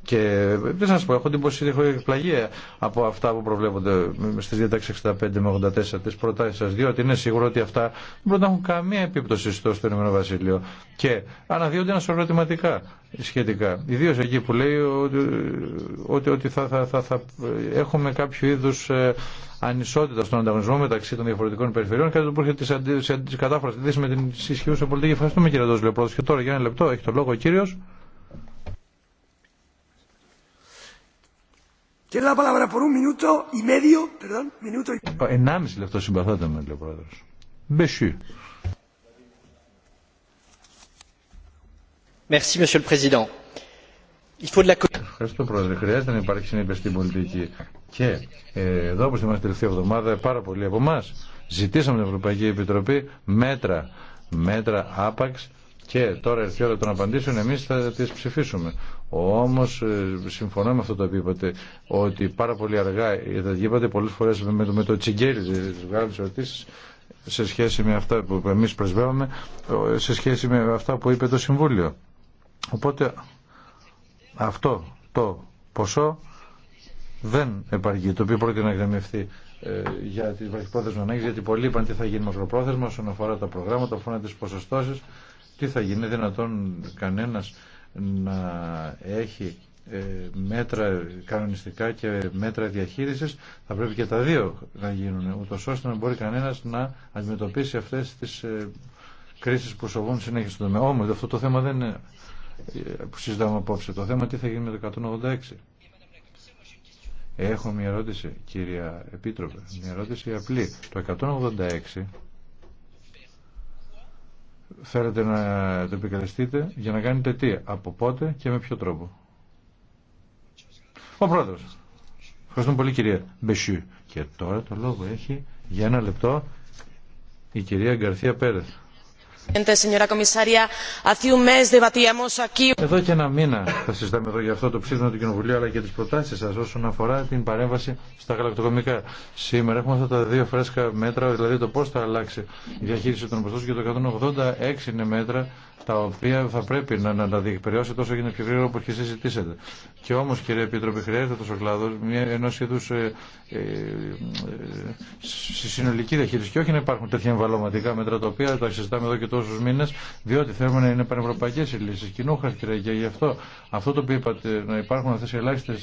Και δεν σα πω, έχω την ότι έχω εκπλαγεί από αυτά που προβλέπονται στι διατάξει 65 με 84 τη προτάσει σα, διότι είναι σίγουρο ότι αυτά δεν μπορούν να έχουν καμία επίπτωση στο Ηνωμένο Βασίλειο. Και αναδύονται ένα σωρό ερωτηματικά σχετικά. Ιδίω εκεί που λέει ότι, ότι, ότι θα, θα, θα, έχουμε κάποιο είδου ε, ανισότητα στον ανταγωνισμό μεταξύ των διαφορετικών περιφερειών, κάτι που έρχεται τη κατάφραση με την ισχύουσα πολιτική. Ευχαριστούμε κύριε Δόζλιο Πρόεδρο. Και τώρα για ένα λεπτό έχει το λόγο ο κύριο. la palabra por Ενάμιση λεπτό συμπαθάτε με, λέει ο Πρόεδρος. Μπεσί. Merci, Monsieur Ευχαριστώ, Πρόεδρε. Χρειάζεται να υπάρχει συνέπεια στην πολιτική. Και ε, εδώ, όπως είμαστε τελευταία εβδομάδα, πάρα πολλοί από εμά ζητήσαμε την Ευρωπαϊκή Επιτροπή μέτρα, μέτρα άπαξ και τώρα ήρθε η ώρα των απαντήσεων, εμείς θα τις ψηφίσουμε. Όμως ε, συμφωνώ με αυτό το οποίο είπατε, ότι πάρα πολύ αργά, γιατί είπατε πολλές φορές με το, με το τσιγκέρι, της βγάλεις σε σχέση με αυτά που εμείς πρεσβεύαμε, σε σχέση με αυτά που είπε το Συμβούλιο. Οπότε αυτό το ποσό δεν επαρκεί, το οποίο πρόκειται να εκδεμευτεί ε, για τις βραχυπρόθεσμες ανάγκες, γιατί πολλοί είπαν τι θα γίνει μακροπρόθεσμα όσον αφορά τα προγράμματα, αφορά τις ποσοστώσεις, τι θα γίνει, δυνατόν κανένας να έχει ε, μέτρα κανονιστικά και μέτρα διαχείρισης θα πρέπει και τα δύο να γίνουν ούτως ώστε να μπορεί κανένας να αντιμετωπίσει αυτές τις ε, κρίσεις που σοβούν συνέχεια στον τομέα. Όμως αυτό το θέμα δεν είναι ε, που συζητάμε απόψε. Το θέμα τι θα γίνει με το 186. Έχω μια ερώτηση, κυρία Επίτροπε, μια ερώτηση απλή. Το 186 θέλετε να το επικαλεστείτε για να κάνετε τι, από πότε και με ποιο τρόπο. Ο πρόεδρος. Ευχαριστούμε πολύ κυρία Μπεσιού. Και τώρα το λόγο έχει για ένα λεπτό η κυρία Γκαρθία Πέρεθ. Εδώ και ένα μήνα θα συζητάμε εδώ για αυτό το ψήφισμα του Κοινοβουλίου αλλά και τι προτάσει σα όσον αφορά την παρέμβαση στα γαλακτοκομικά. Σήμερα έχουμε αυτά τα δύο φρέσκα μέτρα, δηλαδή το πώ θα αλλάξει η διαχείριση των αποστάσεων και το 186 είναι μέτρα τα οποία θα πρέπει να, να τα τόσο όσο γίνεται πιο γρήγορα όπω και συζητήσετε. Και όμω, κύριε Επίτροπε, χρειάζεται ο κλάδο ενό είδου ε, ε, συνολική διαχείριση. Και όχι να υπάρχουν τέτοια εμβαλωματικά μέτρα τα οποία τα συζητάμε εδώ και τόσου μήνε, διότι θέλουμε να είναι πανευρωπαϊκέ οι λύσει. Κοινού χαρακτήρα και γι' αυτό αυτό το οποίο είπατε, να υπάρχουν αυτέ οι ελάχιστε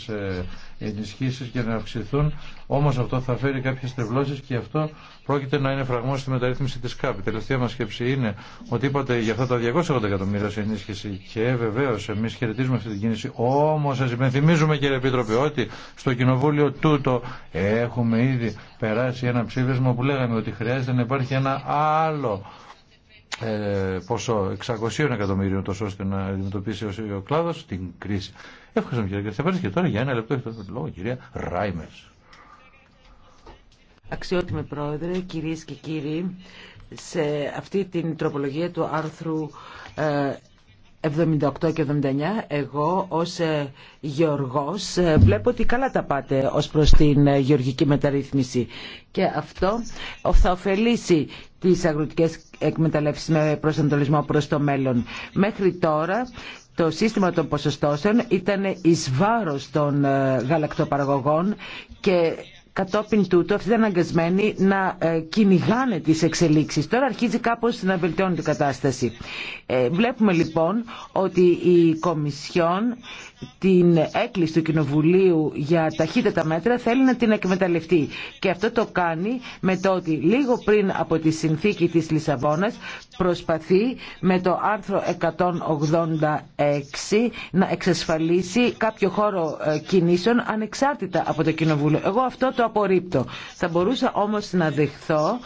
ενισχύσει και να αυξηθούν, όμω αυτό θα φέρει κάποιε τρευλώσει και αυτό πρόκειται να είναι φραγμό στη μεταρρύθμιση τη ΚΑΠ. Η τελευταία μα σκέψη είναι ότι είπατε για αυτά τα 200 380 εκατομμύρια σε ενίσχυση και βεβαίω εμεί χαιρετίζουμε αυτή την κίνηση. Όμω σα υπενθυμίζουμε κύριε Επίτροπε ότι στο κοινοβούλιο τούτο έχουμε ήδη περάσει ένα ψήφισμα που λέγαμε ότι χρειάζεται να υπάρχει ένα άλλο ε, ποσό 600 εκατομμύριων τόσο ώστε να αντιμετωπίσει ο κλάδο την κρίση. Ευχαριστούμε κύριε Καρθιαπάρη και τώρα για ένα λεπτό έχετε το λόγο κυρία Ράιμερ. Αξιότιμε Πρόεδρε, κυρίε και κύριοι, σε αυτή την τροπολογία του άρθρου 78 ε, και 79 εγώ ως ε, γεωργός ε, βλέπω ότι καλά τα πάτε ως προς την γεωργική μεταρρύθμιση και αυτό θα ωφελήσει τις αγροτικές εκμεταλλεύσεις με προσανατολισμό προς το μέλλον. Μέχρι τώρα το σύστημα των ποσοστώσεων ήταν εις βάρος των γαλακτοπαραγωγών και κατόπιν τούτου αυτοί ήταν αναγκασμένοι να ε, κυνηγάνε τις εξελίξεις. Τώρα αρχίζει κάπως να βελτιώνεται την κατάσταση. Ε, βλέπουμε λοιπόν ότι η Κομισιόν την έκκληση του Κοινοβουλίου για ταχύτατα μέτρα θέλει να την εκμεταλλευτεί. Και αυτό το κάνει με το ότι λίγο πριν από τη συνθήκη της Λισαβόνας προσπαθεί με το άρθρο 186 να εξασφαλίσει κάποιο χώρο ε, κινήσεων ανεξάρτητα από το Κοινοβούλιο. Εγώ αυτό το απορρίπτω. Θα μπορούσα όμως να δεχθώ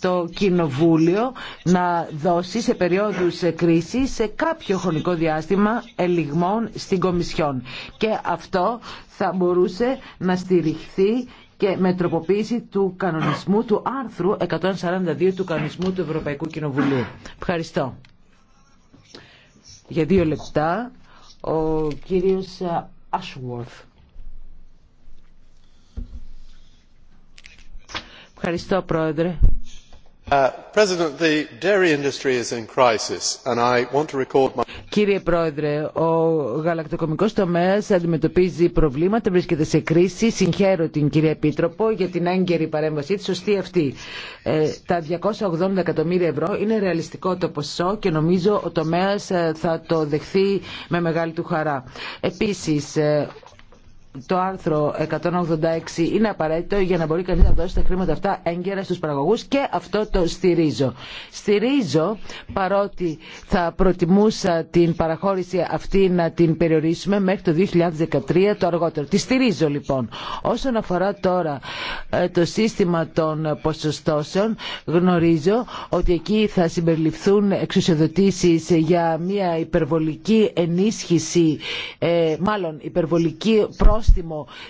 το Κοινοβούλιο να δώσει σε περίοδους κρίσης σε κάποιο χρονικό διάστημα ελιγμών στην Κομισιόν. Και αυτό θα μπορούσε να στηριχθεί και με τροποποίηση του κανονισμού του άρθρου 142 του κανονισμού του Ευρωπαϊκού Κοινοβουλίου. Ευχαριστώ. Για δύο λεπτά ο κύριος Ashworth. Ευχαριστώ πρόεδρε. Κύριε Πρόεδρε, ο γαλακτοκομικός τομέας αντιμετωπίζει προβλήματα, βρίσκεται σε κρίση. Συγχαίρω την κυρία Επίτροπο για την έγκαιρη παρέμβασή τη, σωστή αυτή. Ε, τα 280 εκατομμύρια ευρώ είναι ρεαλιστικό το ποσό και νομίζω ο τομέας ε, θα το δεχθεί με μεγάλη του χαρά. Επίσης, ε, το άρθρο 186 είναι απαραίτητο για να μπορεί κανείς να δώσει τα χρήματα αυτά έγκαιρα στους παραγωγούς και αυτό το στηρίζω. Στηρίζω παρότι θα προτιμούσα την παραχώρηση αυτή να την περιορίσουμε μέχρι το 2013 το αργότερο. Τη στηρίζω λοιπόν. Όσον αφορά τώρα ε, το σύστημα των ποσοστώσεων γνωρίζω ότι εκεί θα συμπεριληφθούν εξουσιοδοτήσεις για μια υπερβολική ενίσχυση ε, μάλλον υπερβολική πρόσφαση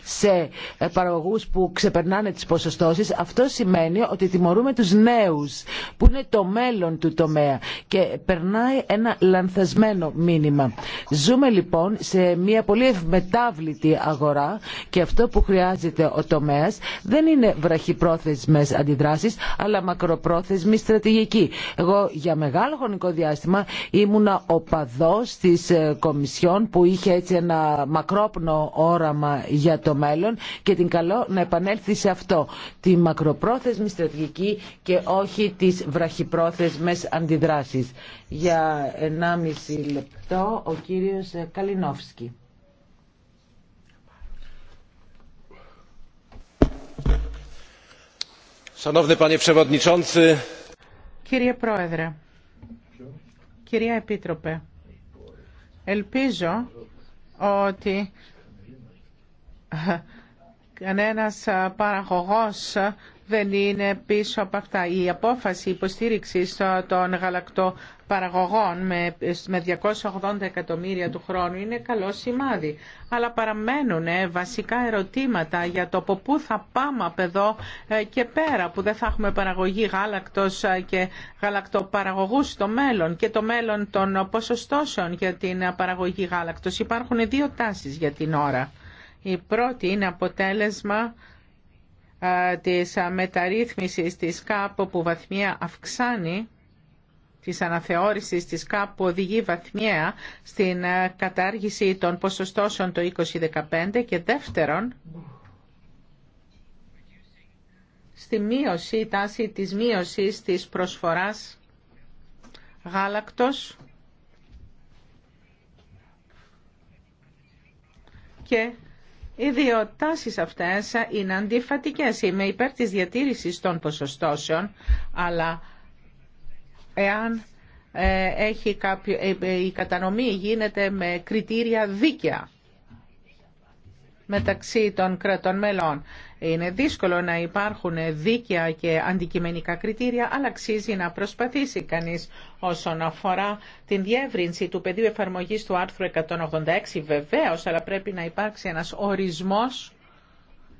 σε ε, παραγωγούς που ξεπερνάνε τις ποσοστώσεις, αυτό σημαίνει ότι τιμωρούμε τους νέους που είναι το μέλλον του τομέα και περνάει ένα λανθασμένο μήνυμα. Ζούμε λοιπόν σε μια πολύ ευμετάβλητη αγορά και αυτό που χρειάζεται ο τομέας δεν είναι βραχυπρόθεσμες αντιδράσεις αλλά μακροπρόθεσμη στρατηγική. Εγώ για μεγάλο χρονικό διάστημα ήμουνα οπαδός της ε, Κομισιόν που είχε έτσι ένα μακρόπνο όραμα για το μέλλον και την καλό να επανέλθει σε αυτό. Τη μακροπρόθεσμη στρατηγική και όχι τις βραχυπρόθεσμες αντιδράσεις. Για 1,5 λεπτό ο κύριος Καλινόφσκι. Κύριε Πρόεδρε, κυρία Επίτροπε, ελπίζω ότι κανένας παραγωγός δεν είναι πίσω από αυτά. Η απόφαση υποστήριξης των γαλακτοπαραγωγών με 280 εκατομμύρια του χρόνου είναι καλό σημάδι. Αλλά παραμένουν ε, βασικά ερωτήματα για το από πού θα πάμε από εδώ ε, και πέρα που δεν θα έχουμε παραγωγή γάλακτος και γαλακτοπαραγωγούς στο μέλλον και το μέλλον των ποσοστώσεων για την παραγωγή γάλακτος. Υπάρχουν δύο τάσεις για την ώρα. Η πρώτη είναι αποτέλεσμα της μεταρρύθμισης της ΚΑΠ που βαθμία αυξάνει της αναθεώρησης της ΚΑΠ που οδηγεί βαθμία στην κατάργηση των ποσοστώσεων το 2015 και δεύτερον στη μείωση, τάση της μείωσης της προσφοράς γάλακτος και οι δύο τάσεις αυτές είναι αντιφατικές. Είμαι υπέρ της διατήρησης των ποσοστώσεων, αλλά εάν ε, έχει κάποιο, ε, ε, η κατανομή γίνεται με κριτήρια δίκαια μεταξύ των κρατών μελών. Είναι δύσκολο να υπάρχουν δίκαια και αντικειμενικά κριτήρια, αλλά αξίζει να προσπαθήσει κανείς όσον αφορά την διεύρυνση του πεδίου εφαρμογής του άρθρου 186 βεβαίως, αλλά πρέπει να υπάρξει ένας ορισμός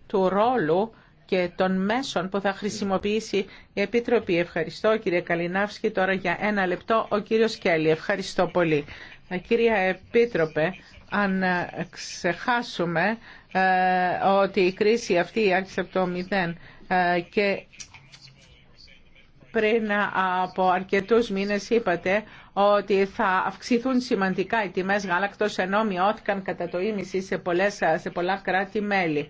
του ρόλου και των μέσων που θα χρησιμοποιήσει η Επιτροπή. Ευχαριστώ κύριε Καλινάφσκι. Τώρα για ένα λεπτό ο κύριος Κέλλη. Ευχαριστώ πολύ. Κυρία Επίτροπε, αν ε, ξεχάσουμε ε, ότι η κρίση αυτή άρχισε από το μηδέν ε, και πριν από αρκετούς μήνες είπατε ότι θα αυξηθούν σημαντικά οι τιμές γάλακτος ενώ μειώθηκαν κατά το ίμιση σε, σε πολλά κράτη-μέλη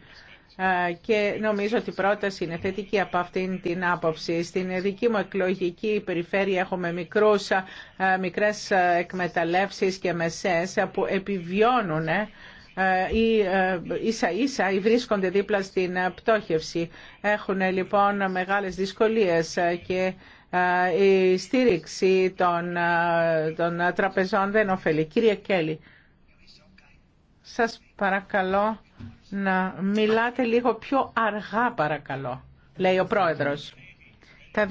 και νομίζω ότι η πρόταση είναι θετική από αυτήν την άποψη. Στην δική μου εκλογική περιφέρεια έχουμε μικρούς, μικρές εκμεταλλεύσεις και μεσές που επιβιώνουν ε, ή ε, ίσα ίσα ή βρίσκονται δίπλα στην πτώχευση. Έχουν λοιπόν μεγάλες δυσκολίες ε, και η στήριξη των, των τραπεζών δεν ωφελεί. Κύριε Κέλλη, σας παρακαλώ να μιλάτε λίγο πιο αργά παρακαλώ, λέει ο πρόεδρος. Τα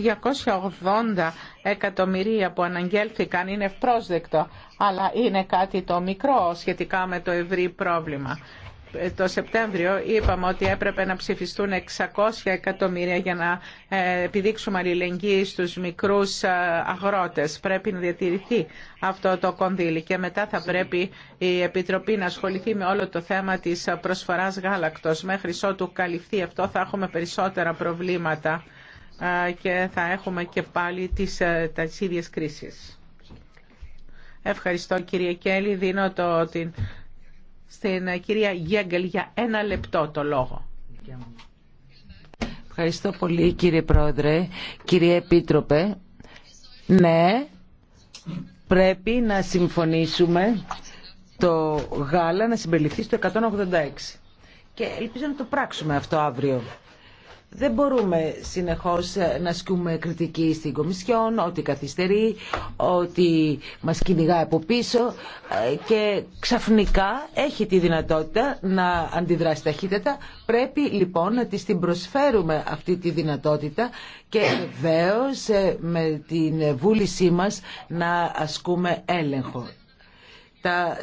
280 εκατομμυρία που αναγγέλθηκαν είναι ευπρόσδεκτο, αλλά είναι κάτι το μικρό σχετικά με το ευρύ πρόβλημα. Ε, το Σεπτέμβριο είπαμε ότι έπρεπε να ψηφιστούν 600 εκατομμύρια για να ε, επιδείξουμε αλληλεγγύη στους μικρούς ε, αγρότες. Πρέπει να διατηρηθεί αυτό το κονδύλι και μετά θα πρέπει η Επιτροπή να ασχοληθεί με όλο το θέμα της προσφοράς γάλακτος. Μέχρι ότου καλυφθεί αυτό θα έχουμε περισσότερα προβλήματα και θα έχουμε και πάλι τις, τις ίδιες κρίσεις. Ευχαριστώ κύριε Κέλλη. Δίνω το, την, στην ε, κυρία Γέγκελ για ένα λεπτό το λόγο. Ευχαριστώ πολύ κύριε Πρόεδρε, κύριε Επίτροπε. Ναι, πρέπει να συμφωνήσουμε το γάλα να συμπεριληφθεί στο 186. Και ελπίζω να το πράξουμε αυτό αύριο. Δεν μπορούμε συνεχώς ε, να ασκούμε κριτική στην Κομισιόν, ότι καθυστερεί, ότι μας κυνηγά από πίσω ε, και ξαφνικά έχει τη δυνατότητα να αντιδράσει ταχύτητα. Πρέπει λοιπόν να της την προσφέρουμε αυτή τη δυνατότητα και βεβαίω ε, με την βούλησή μας να ασκούμε έλεγχο τα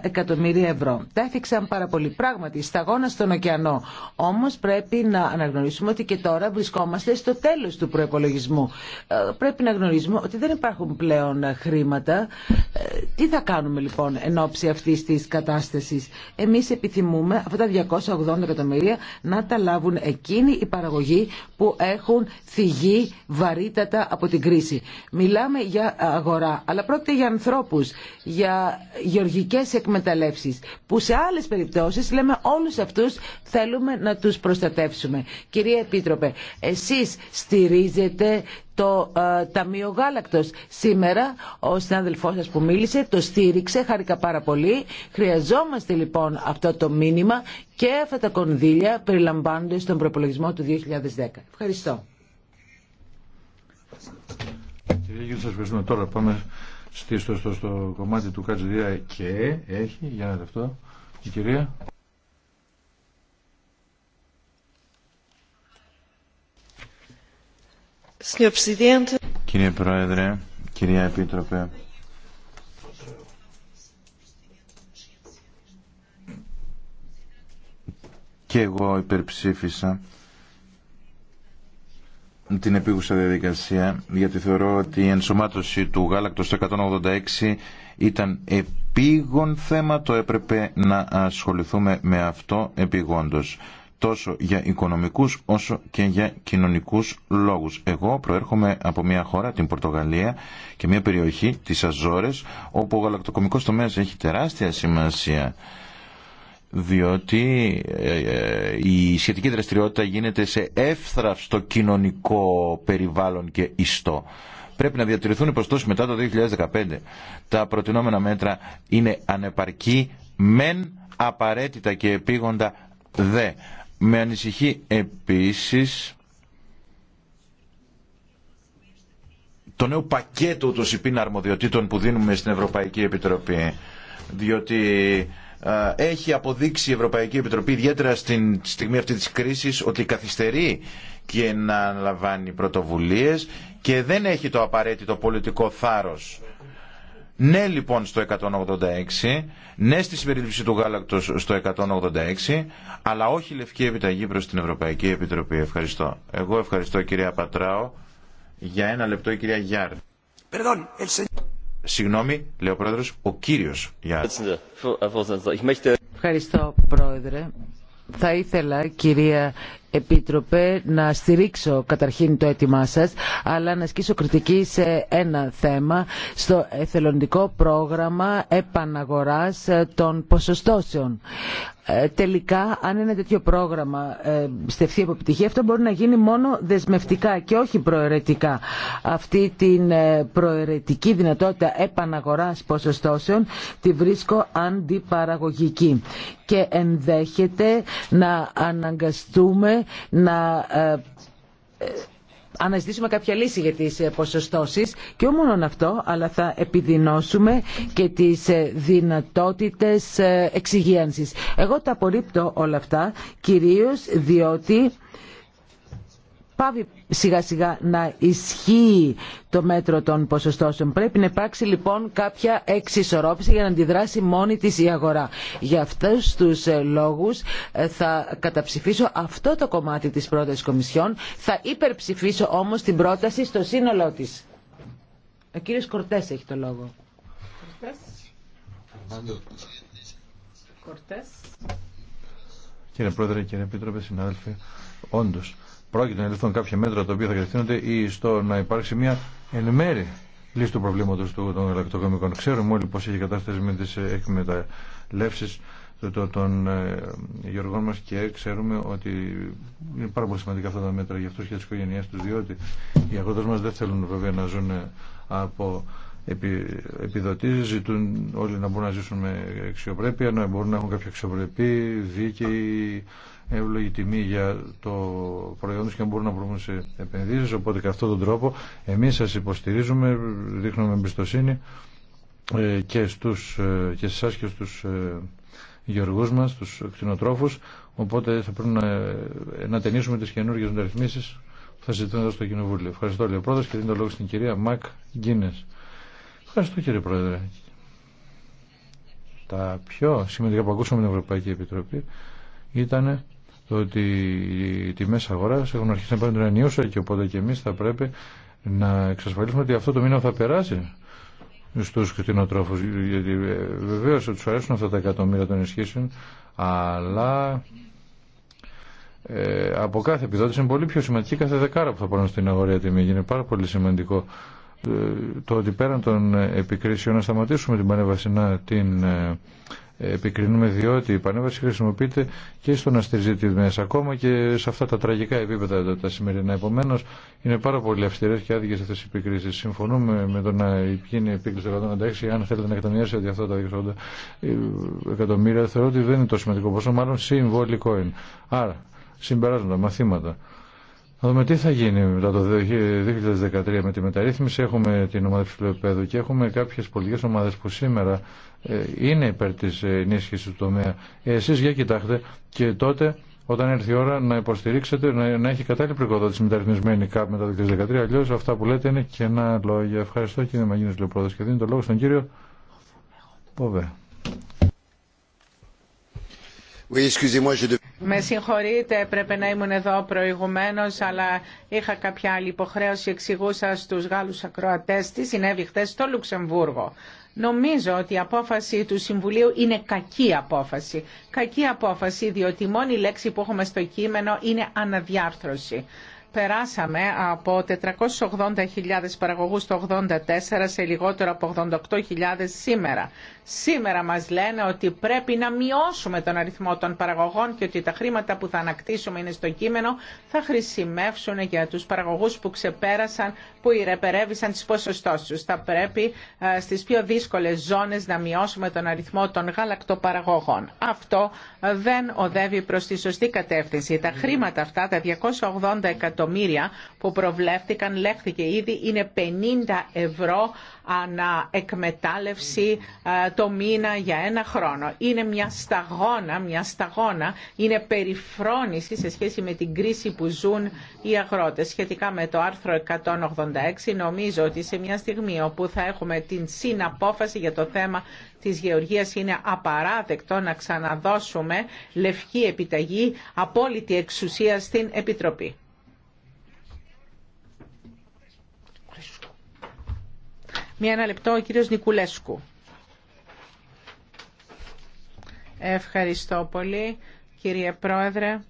280 εκατομμύρια ευρώ. Τα έφυξαν πάρα πολύ πράγματι σταγόνα στον ωκεανό. Όμω πρέπει να αναγνωρίσουμε ότι και τώρα βρισκόμαστε στο τέλο του προπολογισμού. Ε, πρέπει να γνωρίζουμε ότι δεν υπάρχουν πλέον χρήματα. Ε, τι θα κάνουμε λοιπόν εν ώψη αυτή τη κατάσταση. Εμείς επιθυμούμε αυτά τα 280 εκατομμύρια να τα λάβουν εκείνοι οι παραγωγοί που έχουν θυγεί βαρύτατα από την κρίση. Μιλάμε για αγορά, αλλά πρόκειται για ανθρώπου για γεωργικές εκμεταλλεύσεις που σε άλλες περιπτώσεις λέμε όλους αυτούς θέλουμε να τους προστατεύσουμε. Κυρία Επίτροπε, εσείς στηρίζετε το ε, Ταμείο Γάλακτος. Σήμερα ο συνάδελφός σας που μίλησε το στήριξε, χάρηκα πάρα πολύ. Χρειαζόμαστε λοιπόν αυτό το μήνυμα και αυτά τα κονδύλια περιλαμβάνονται στον προπολογισμό του 2010. Ευχαριστώ στο, στο, στο κομμάτι του Κατζηδία και έχει, για να δευτώ, η κυρία. Κύριε Πρόεδρε, κυρία Επίτροπε, και εγώ υπερψήφισα την επίγουσα διαδικασία γιατί θεωρώ ότι η ενσωμάτωση του γάλακτος 186 ήταν επίγον θέμα το έπρεπε να ασχοληθούμε με αυτό επίγοντος τόσο για οικονομικούς όσο και για κοινωνικούς λόγους. Εγώ προέρχομαι από μια χώρα, την Πορτογαλία και μια περιοχή, τις Αζόρες, όπου ο γαλακτοκομικός τομέας έχει τεράστια σημασία διότι ε, ε, η σχετική δραστηριότητα γίνεται σε εύθραυστο κοινωνικό περιβάλλον και ιστό. Πρέπει να διατηρηθούν οι μετά το 2015. Τα προτινόμενα μέτρα είναι ανεπαρκή, μεν απαραίτητα και επίγοντα δε. Με ανησυχεί επίσης το νέο πακέτο των υπήν αρμοδιοτήτων που δίνουμε στην Ευρωπαϊκή Επιτροπή, διότι ε, έχει αποδείξει η Ευρωπαϊκή Επιτροπή, ιδιαίτερα στη στιγμή αυτή της κρίσης, ότι καθυστερεί και να λαμβάνει πρωτοβουλίες και δεν έχει το απαραίτητο πολιτικό θάρρος. Ναι λοιπόν στο 186, ναι στη συμπερίληψη του γάλακτος στο 186, αλλά όχι λευκή επιταγή προς την Ευρωπαϊκή Επιτροπή. Ευχαριστώ. Εγώ ευχαριστώ κυρία Πατράο. Για ένα λεπτό η κυρία Γιάρ. Perdón, el señor... Συγγνώμη, λέει ο ο κύριος Ευχαριστώ, Πρόεδρε. Θα ήθελα, κυρία Επίτροπε, να στηρίξω καταρχήν το έτοιμά σας, αλλά να ασκήσω κριτική σε ένα θέμα, στο εθελοντικό πρόγραμμα επαναγοράς των ποσοστώσεων. Ε, τελικά αν ένα τέτοιο πρόγραμμα ε, στεφθεί από επιτυχία αυτό μπορεί να γίνει μόνο δεσμευτικά και όχι προαιρετικά. Αυτή την ε, προαιρετική δυνατότητα επαναγοράς ποσοστώσεων τη βρίσκω αντιπαραγωγική και ενδέχεται να αναγκαστούμε να αναζητήσουμε κάποια λύση για τις ε, ποσοστώσεις και όχι μόνο αυτό, αλλά θα επιδεινώσουμε και τις ε, δυνατότητες ε, εξυγίανσης. Εγώ τα απορρίπτω όλα αυτά, κυρίως διότι πάβει σιγά σιγά να ισχύει το μέτρο των ποσοστώσεων. Πρέπει να υπάρξει λοιπόν κάποια εξισορρόπηση για να αντιδράσει μόνη της η αγορά. Για αυτούς τους ε, λόγους ε, θα καταψηφίσω αυτό το κομμάτι της πρώτης Κομισιόν. Θα υπερψηφίσω όμως την πρόταση στο σύνολό της. Ο κύριος Κορτές έχει το λόγο. Κορτές. Κορτές. Κύριε Πρόεδρε, κύριε Επίτροπε, συνάδελφοι, όντως πρόκειται να ληφθούν κάποια μέτρα τα οποία θα κατευθύνονται ή στο να υπάρξει μια εν μέρη λύση του προβλήματος των γαλακτοκομικών. Ξέρουμε όλοι πώς έχει κατάσταση με τις ε, εκμεταλλεύσεις των ε, γεωργών μας και ξέρουμε ότι είναι πάρα πολύ σημαντικά αυτά τα μέτρα για αυτούς και τις οικογένειές τους διότι οι αγρότε μας δεν θέλουν βέβαια να ζουν ε, από επι, επιδοτήσεις, ζητούν όλοι να μπορούν να ζήσουν με αξιοπρέπεια, να μπορούν να έχουν κάποια αξιοπρεπή, δίκαιη εύλογη τιμή για το προϊόν τους και αν μπορούν να βρούμε σε επενδύσεις. Οπότε και αυτόν τον τρόπο εμείς σας υποστηρίζουμε, δείχνουμε εμπιστοσύνη ε, και, στους, ε, και σε εσάς και στους ε, γεωργούς μας, τους κτηνοτρόφους. Οπότε θα πρέπει να, να ταινίσουμε τις καινούργιες μεταρρυθμίσεις που θα ζητούν εδώ στο Κοινοβούλιο. Ευχαριστώ λέει Πρόεδρε και δίνω λόγο στην κυρία Μακ Γκίνες. Ευχαριστώ κύριε Πρόεδρε. Τα πιο σημαντικά που ακούσαμε την Ευρωπαϊκή Επιτροπή ήταν ότι οι τιμέ αγορά έχουν αρχίσει να τον ενιούσα και οπότε και εμεί θα πρέπει να εξασφαλίσουμε ότι αυτό το μήνα θα περάσει στου κτηνοτρόφου. γιατί ε, βεβαίω του αρέσουν αυτά τα εκατομμύρια των ισχύσεων αλλά ε, από κάθε επιδότηση είναι πολύ πιο σημαντική κάθε δεκάρα που θα πάνε στην αγορά τιμή. Είναι πάρα πολύ σημαντικό το ότι πέραν των επικρίσεων να σταματήσουμε την πανέβαση να την ε, επικρινούμε διότι η πανέβαση χρησιμοποιείται και στο να στηρίζει μέσα ακόμα και σε αυτά τα τραγικά επίπεδα τα σημερινά. Επομένως είναι πάρα πολύ αυστηρές και άδικες αυτές οι επικρίσεις. Συμφωνούμε με το να γίνει επίκληση 196 αν θέλετε να εκταμιάσετε ότι αυτά τα 180 ε, εκατομμύρια θεωρώ ότι δεν είναι το σημαντικό ποσό, μάλλον συμβολικό είναι. Άρα συμπεράσματα, μαθήματα να δούμε τι θα γίνει μετά το 2013 με τη μεταρρύθμιση. Έχουμε την ομάδα ψηλοεπέδου και έχουμε κάποιε πολιτικέ ομάδε που σήμερα ε, είναι υπέρ τη ενίσχυση του τομέα. Ε, Εσεί για κοιτάξτε και τότε όταν έρθει η ώρα να υποστηρίξετε να, έχει κατάλληλη προκοδότηση μεταρρυθμισμένη ΚΑΠ μετά το 2013. Αλλιώ αυτά που λέτε είναι κενά λόγια. Ευχαριστώ κύριε Μαγίνο Λεπρόδο και δίνω το λόγο στον κύριο Πόβε. Με συγχωρείτε, πρέπει να ήμουν εδώ προηγουμένω, αλλά είχα κάποια άλλη υποχρέωση. Εξηγούσα στου Γάλλου ακροατέ, τι συνέβη χθε στο Λουξεμβούργο. Νομίζω ότι η απόφαση του Συμβουλίου είναι κακή απόφαση. Κακή απόφαση διότι η μόνη λέξη που έχουμε στο κείμενο είναι αναδιάρθρωση περάσαμε από 480.000 παραγωγούς το 84 σε λιγότερο από 88.000 σήμερα. Σήμερα μας λένε ότι πρέπει να μειώσουμε τον αριθμό των παραγωγών και ότι τα χρήματα που θα ανακτήσουμε είναι στο κείμενο θα χρησιμεύσουν για τους παραγωγούς που ξεπέρασαν, που ηρεπερεύησαν τις ποσοστώσεις τους. Θα πρέπει ε, στις πιο δύσκολες ζώνες να μειώσουμε τον αριθμό των γαλακτοπαραγωγών. Αυτό ε, δεν οδεύει προς τη σωστή κατεύθυνση. Τα χρήματα αυτά, τα 280 εκατομμύρια εκατομμύρια που προβλέφτηκαν, λέχθηκε ήδη, είναι 50 ευρώ ανά εκμετάλλευση ε, το μήνα για ένα χρόνο. Είναι μια σταγόνα, μια σταγόνα, είναι περιφρόνηση σε σχέση με την κρίση που ζουν οι αγρότες. Σχετικά με το άρθρο 186 νομίζω ότι σε μια στιγμή όπου θα έχουμε την συναπόφαση για το θέμα της γεωργίας είναι απαράδεκτο να ξαναδώσουμε λευκή επιταγή απόλυτη εξουσία στην Επιτροπή. Μία ένα λεπτό, ο κύριος Νικουλέσκου. Ευχαριστώ πολύ, κύριε Πρόεδρε.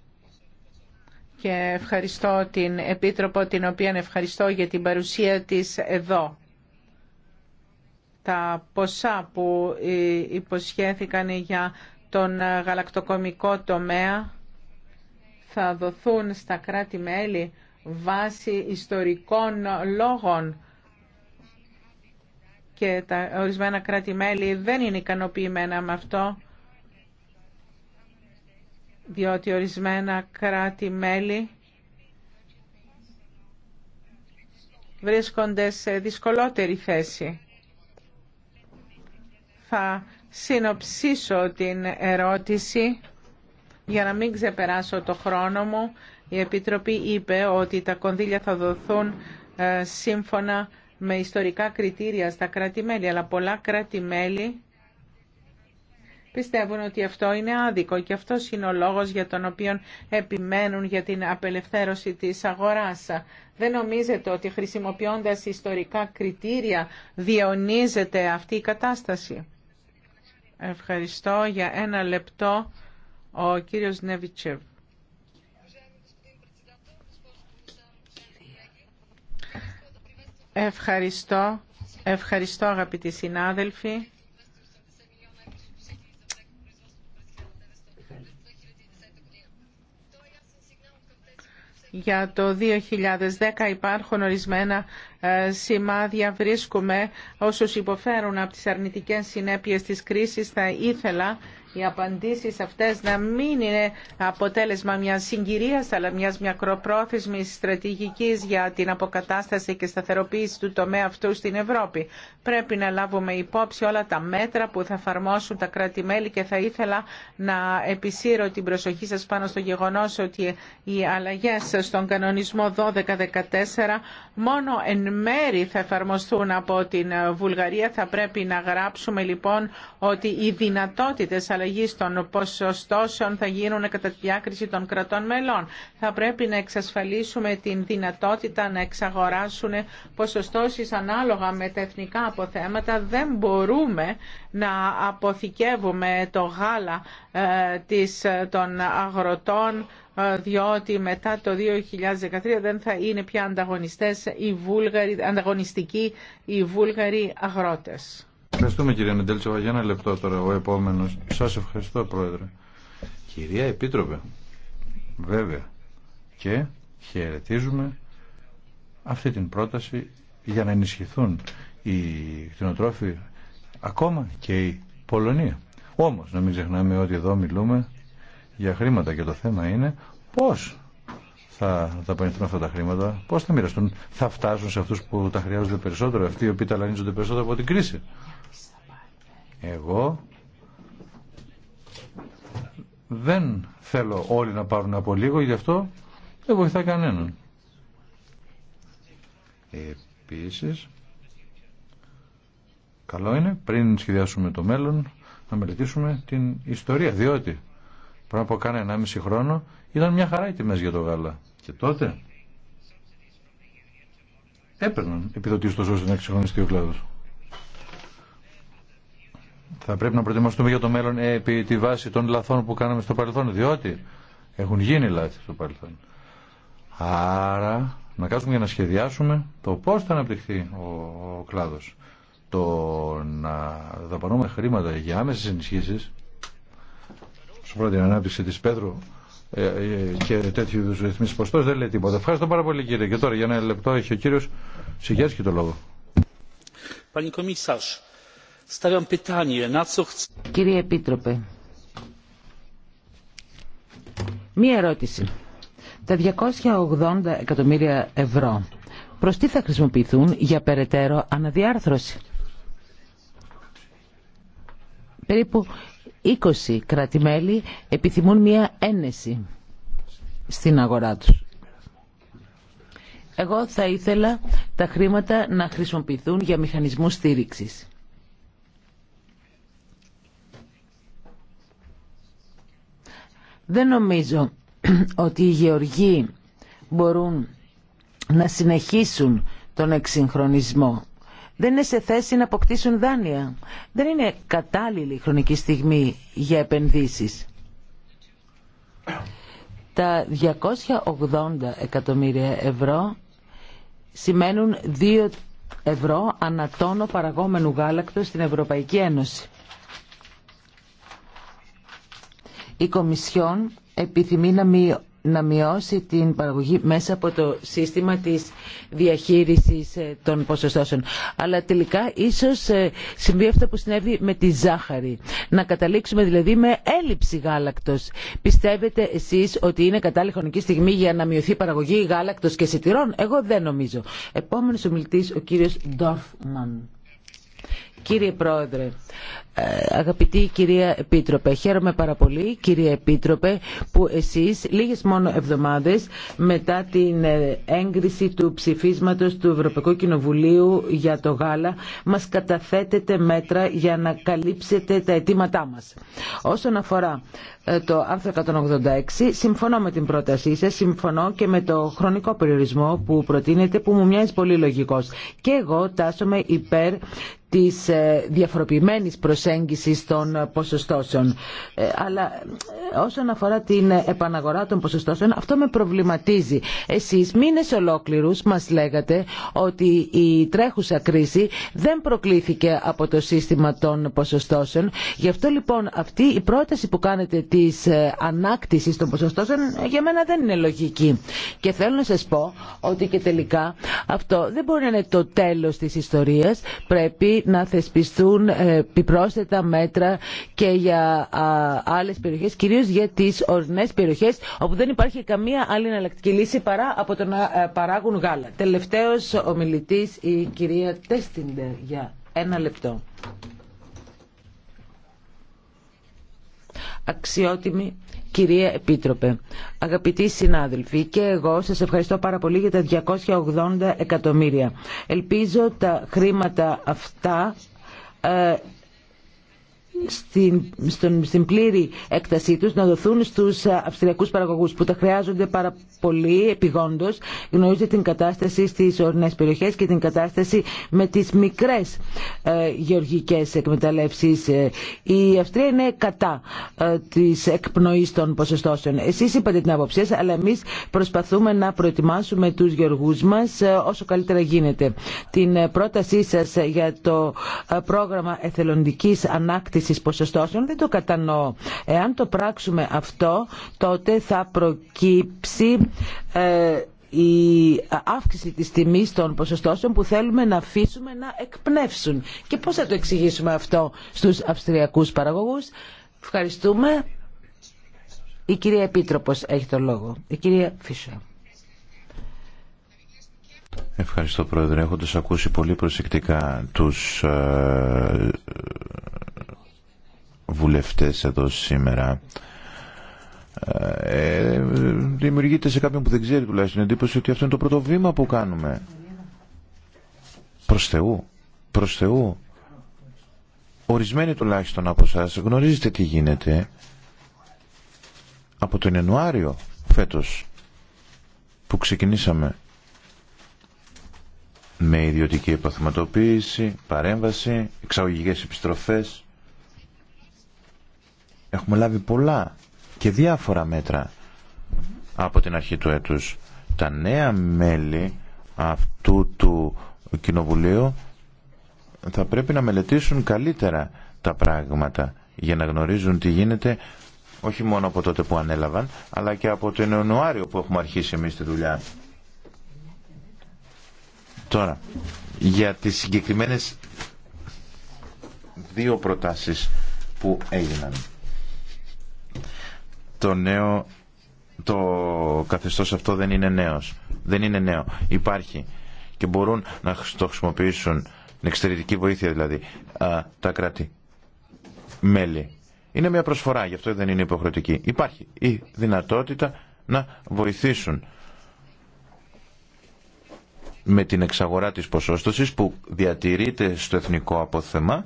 Και ευχαριστώ την Επίτροπο, την οποία ευχαριστώ για την παρουσία της εδώ. Τα ποσά που υποσχέθηκαν για τον γαλακτοκομικό τομέα θα δοθούν στα κράτη-μέλη βάσει ιστορικών λόγων και τα ορισμένα κράτη-μέλη δεν είναι ικανοποιημένα με αυτό, διότι ορισμένα κράτη-μέλη βρίσκονται σε δυσκολότερη θέση. Θα συνοψίσω την ερώτηση για να μην ξεπεράσω το χρόνο μου. Η Επιτροπή είπε ότι τα κονδύλια θα δοθούν ε, σύμφωνα με ιστορικά κριτήρια στα κράτη-μέλη, αλλά πολλά κράτη-μέλη πιστεύουν ότι αυτό είναι άδικο και αυτό είναι ο λόγος για τον οποίο επιμένουν για την απελευθέρωση της αγοράς. Δεν νομίζετε ότι χρησιμοποιώντας ιστορικά κριτήρια διαιωνίζεται αυτή η κατάσταση. Ευχαριστώ για ένα λεπτό ο κύριος Νεβιτσεύ. Ευχαριστώ. Ευχαριστώ αγαπητοί συνάδελφοι. για το 2010 υπάρχουν ορισμένα ε, σημάδια βρίσκουμε όσους υποφέρουν από τις αρνητικές συνέπειες της κρίσης θα ήθελα οι απαντήσει αυτέ να μην είναι αποτέλεσμα μια συγκυρία, αλλά μια μικροπρόθεσμη στρατηγική για την αποκατάσταση και σταθεροποίηση του τομέα αυτού στην Ευρώπη. Πρέπει να λάβουμε υπόψη όλα τα μέτρα που θα εφαρμόσουν τα κράτη-μέλη και θα ήθελα να επισύρω την προσοχή σα πάνω στο γεγονό ότι οι αλλαγέ στον κανονισμό 12-14 μόνο εν μέρη θα εφαρμοστούν από την Βουλγαρία. Θα πρέπει να γράψουμε λοιπόν ότι οι δυνατότητε, αλλαγής των ποσοστώσεων θα γίνουν κατά τη διάκριση των κρατών μελών. Θα πρέπει να εξασφαλίσουμε την δυνατότητα να εξαγοράσουν ποσοστώσεις ανάλογα με τα εθνικά αποθέματα. Δεν μπορούμε να αποθηκεύουμε το γάλα ε, της, ε, των αγροτών ε, διότι μετά το 2013 δεν θα είναι πια ανταγωνιστές οι Βούλγαροι, ανταγωνιστικοί οι Βούλγαροι αγρότες. Ευχαριστούμε κύριε Νεντέλτσεβα. Για ένα λεπτό τώρα ο επόμενος. Σας ευχαριστώ πρόεδρε. Κυρία Επίτροπε, βέβαια και χαιρετίζουμε αυτή την πρόταση για να ενισχυθούν οι κτηνοτρόφοι ακόμα και η Πολωνία. Όμως να μην ξεχνάμε ότι εδώ μιλούμε για χρήματα και το θέμα είναι πώς θα δαπανηθούν αυτά τα χρήματα, πώς θα μοιραστούν, θα φτάσουν σε αυτούς που τα χρειάζονται περισσότερο, αυτοί οι οποίοι ταλανίζονται περισσότερο από την κρίση. Εγώ δεν θέλω όλοι να πάρουν από λίγο, γι' αυτό δεν βοηθά κανέναν. Επίσης, καλό είναι πριν σχεδιάσουμε το μέλλον να μελετήσουμε την ιστορία, διότι πριν από κανένα 1,5 χρόνο ήταν μια χαρά οι τιμές για το γάλα. Και τότε έπαιρναν επιδοτήσεις τόσο ώστε να εξυγχρονιστεί ο κλάδος θα πρέπει να προετοιμαστούμε για το μέλλον επί τη βάση των λαθών που κάναμε στο παρελθόν, διότι έχουν γίνει λάθη στο παρελθόν. Άρα να κάτσουμε για να σχεδιάσουμε το πώς θα αναπτυχθεί ο, ο κλάδος. Το να δαπανούμε χρήματα για άμεσες ενισχύσεις σου πρώτη ανάπτυξη της Πέτρου ε, ε, και τέτοιου είδους ρυθμίσεις ποστός δεν λέει τίποτα. Ευχαριστώ πάρα πολύ κύριε. Και τώρα για ένα λεπτό έχει ο κύριος Σιγιάσκη το λόγο. Κύριε Επίτροπε, μία ερώτηση. Τα 280 εκατομμύρια ευρώ προς τι θα χρησιμοποιηθούν για περαιτέρω αναδιάρθρωση. Περίπου 20 κρατημέλη επιθυμούν μία ένεση στην αγορά τους. Εγώ θα ήθελα τα χρήματα να χρησιμοποιηθούν για μηχανισμούς στήριξης. Δεν νομίζω ότι οι γεωργοί μπορούν να συνεχίσουν τον εξυγχρονισμό. Δεν είναι σε θέση να αποκτήσουν δάνεια. Δεν είναι κατάλληλη χρονική στιγμή για επενδύσεις. Τα 280 εκατομμύρια ευρώ σημαίνουν 2 ευρώ ανατόνο παραγόμενου γάλακτος στην Ευρωπαϊκή Ένωση. Η Κομισιόν επιθυμεί να μειώσει την παραγωγή μέσα από το σύστημα της διαχείρισης ε, των ποσοστώσεων. Αλλά τελικά ίσως ε, συμβεί αυτό που συνέβη με τη ζάχαρη. Να καταλήξουμε δηλαδή με έλλειψη γάλακτος. Πιστεύετε εσείς ότι είναι κατάλληλη χρονική στιγμή για να μειωθεί η παραγωγή γάλακτος και σιτηρών. Εγώ δεν νομίζω. Επόμενος ομιλητής ο κύριος Ντόρφμαν. Κύριε Πρόεδρε, ε, αγαπητή κυρία Επίτροπε, χαίρομαι πάρα πολύ κυρία Επίτροπε που εσείς λίγες μόνο εβδομάδες μετά την ε, έγκριση του ψηφίσματος του Ευρωπαϊκού Κοινοβουλίου για το γάλα μας καταθέτετε μέτρα για να καλύψετε τα αιτήματά μας. Όσον αφορά ε, το άρθρο 186, συμφωνώ με την πρότασή σας, συμφωνώ και με το χρονικό περιορισμό που προτείνετε που μου μοιάζει πολύ λογικός. Και εγώ τάσομαι υπέρ της διαφοροποιημένης προσέγγισης των ποσοστώσεων. Ε, αλλά ε, όσον αφορά την επαναγορά των ποσοστώσεων, αυτό με προβληματίζει. Εσείς μήνες ολόκληρους μας λέγατε ότι η τρέχουσα κρίση δεν προκλήθηκε από το σύστημα των ποσοστώσεων. Γι' αυτό λοιπόν αυτή η πρόταση που κάνετε της ε, ανάκτησης των ποσοστώσεων για μένα δεν είναι λογική. Και θέλω να σας πω ότι και τελικά αυτό δεν μπορεί να είναι το τέλος της ιστορίας. Πρέπει να θεσπιστούν επιπρόσθετα τα μέτρα και για άλλε περιοχές, κυρίως για τις ορεινέ περιοχές, όπου δεν υπάρχει καμία άλλη εναλλακτική λύση παρά από το να ε, παράγουν γάλα. Τελευταίος ο η κυρία Τέστιντερ, για ένα λεπτό. Αξιότιμη Κυρία Επίτροπε, αγαπητοί συνάδελφοι, και εγώ σας ευχαριστώ πάρα πολύ για τα 280 εκατομμύρια. Ελπίζω τα χρήματα αυτά ε, στην, στον, στην πλήρη έκτασή τους να δοθούν στους αυστριακούς παραγωγούς που τα χρειάζονται πάρα πολύ επιγόντως. Γνωρίζετε την κατάσταση στις ορεινές περιοχές και την κατάσταση με τις μικρές ε, γεωργικές εκμεταλλεύσεις. Ε, η Αυστρία είναι κατά ε, της εκπνοής των ποσοστώσεων. Εσείς είπατε την άποψή αλλά εμείς προσπαθούμε να προετοιμάσουμε τους γεωργούς μας ε, όσο καλύτερα γίνεται. Την ε, πρότασή σας για το πρόγραμμα εθελοντικής ανάκτησης στις ποσοστώσεων. Δεν το κατανοώ. Εάν το πράξουμε αυτό, τότε θα προκύψει ε, η αύξηση της τιμής των ποσοστώσεων που θέλουμε να αφήσουμε να εκπνεύσουν. Και πώς θα το εξηγήσουμε αυτό στους αυστριακούς παραγωγούς. Ευχαριστούμε. Η κυρία Επίτροπος έχει το λόγο. Η κυρία Φίσο. Ευχαριστώ Πρόεδρε. Έχοντας ακούσει πολύ προσεκτικά τους ε, βουλευτές εδώ σήμερα. Ε, δημιουργείται σε κάποιον που δεν ξέρει τουλάχιστον εντύπωση ότι αυτό είναι το πρώτο βήμα που κάνουμε. Προς Θεού. Προς Θεού. Ορισμένοι τουλάχιστον από εσά γνωρίζετε τι γίνεται από τον Ιανουάριο φέτος που ξεκινήσαμε με ιδιωτική επαθυματοποίηση παρέμβαση, εξαγωγικές επιστροφές Έχουμε λάβει πολλά και διάφορα μέτρα από την αρχή του έτους. Τα νέα μέλη αυτού του Κοινοβουλίου θα πρέπει να μελετήσουν καλύτερα τα πράγματα για να γνωρίζουν τι γίνεται όχι μόνο από τότε που ανέλαβαν αλλά και από τον Ιανουάριο που έχουμε αρχίσει εμείς τη δουλειά. Τώρα, για τις συγκεκριμένες δύο προτάσεις που έγιναν το νέο το καθεστώς αυτό δεν είναι νέος δεν είναι νέο, υπάρχει και μπορούν να το χρησιμοποιήσουν εξαιρετική βοήθεια δηλαδή τα κράτη μέλη είναι μια προσφορά, γι' αυτό δεν είναι υποχρεωτική υπάρχει η δυνατότητα να βοηθήσουν με την εξαγορά της ποσόστοσης που διατηρείται στο εθνικό αποθεμά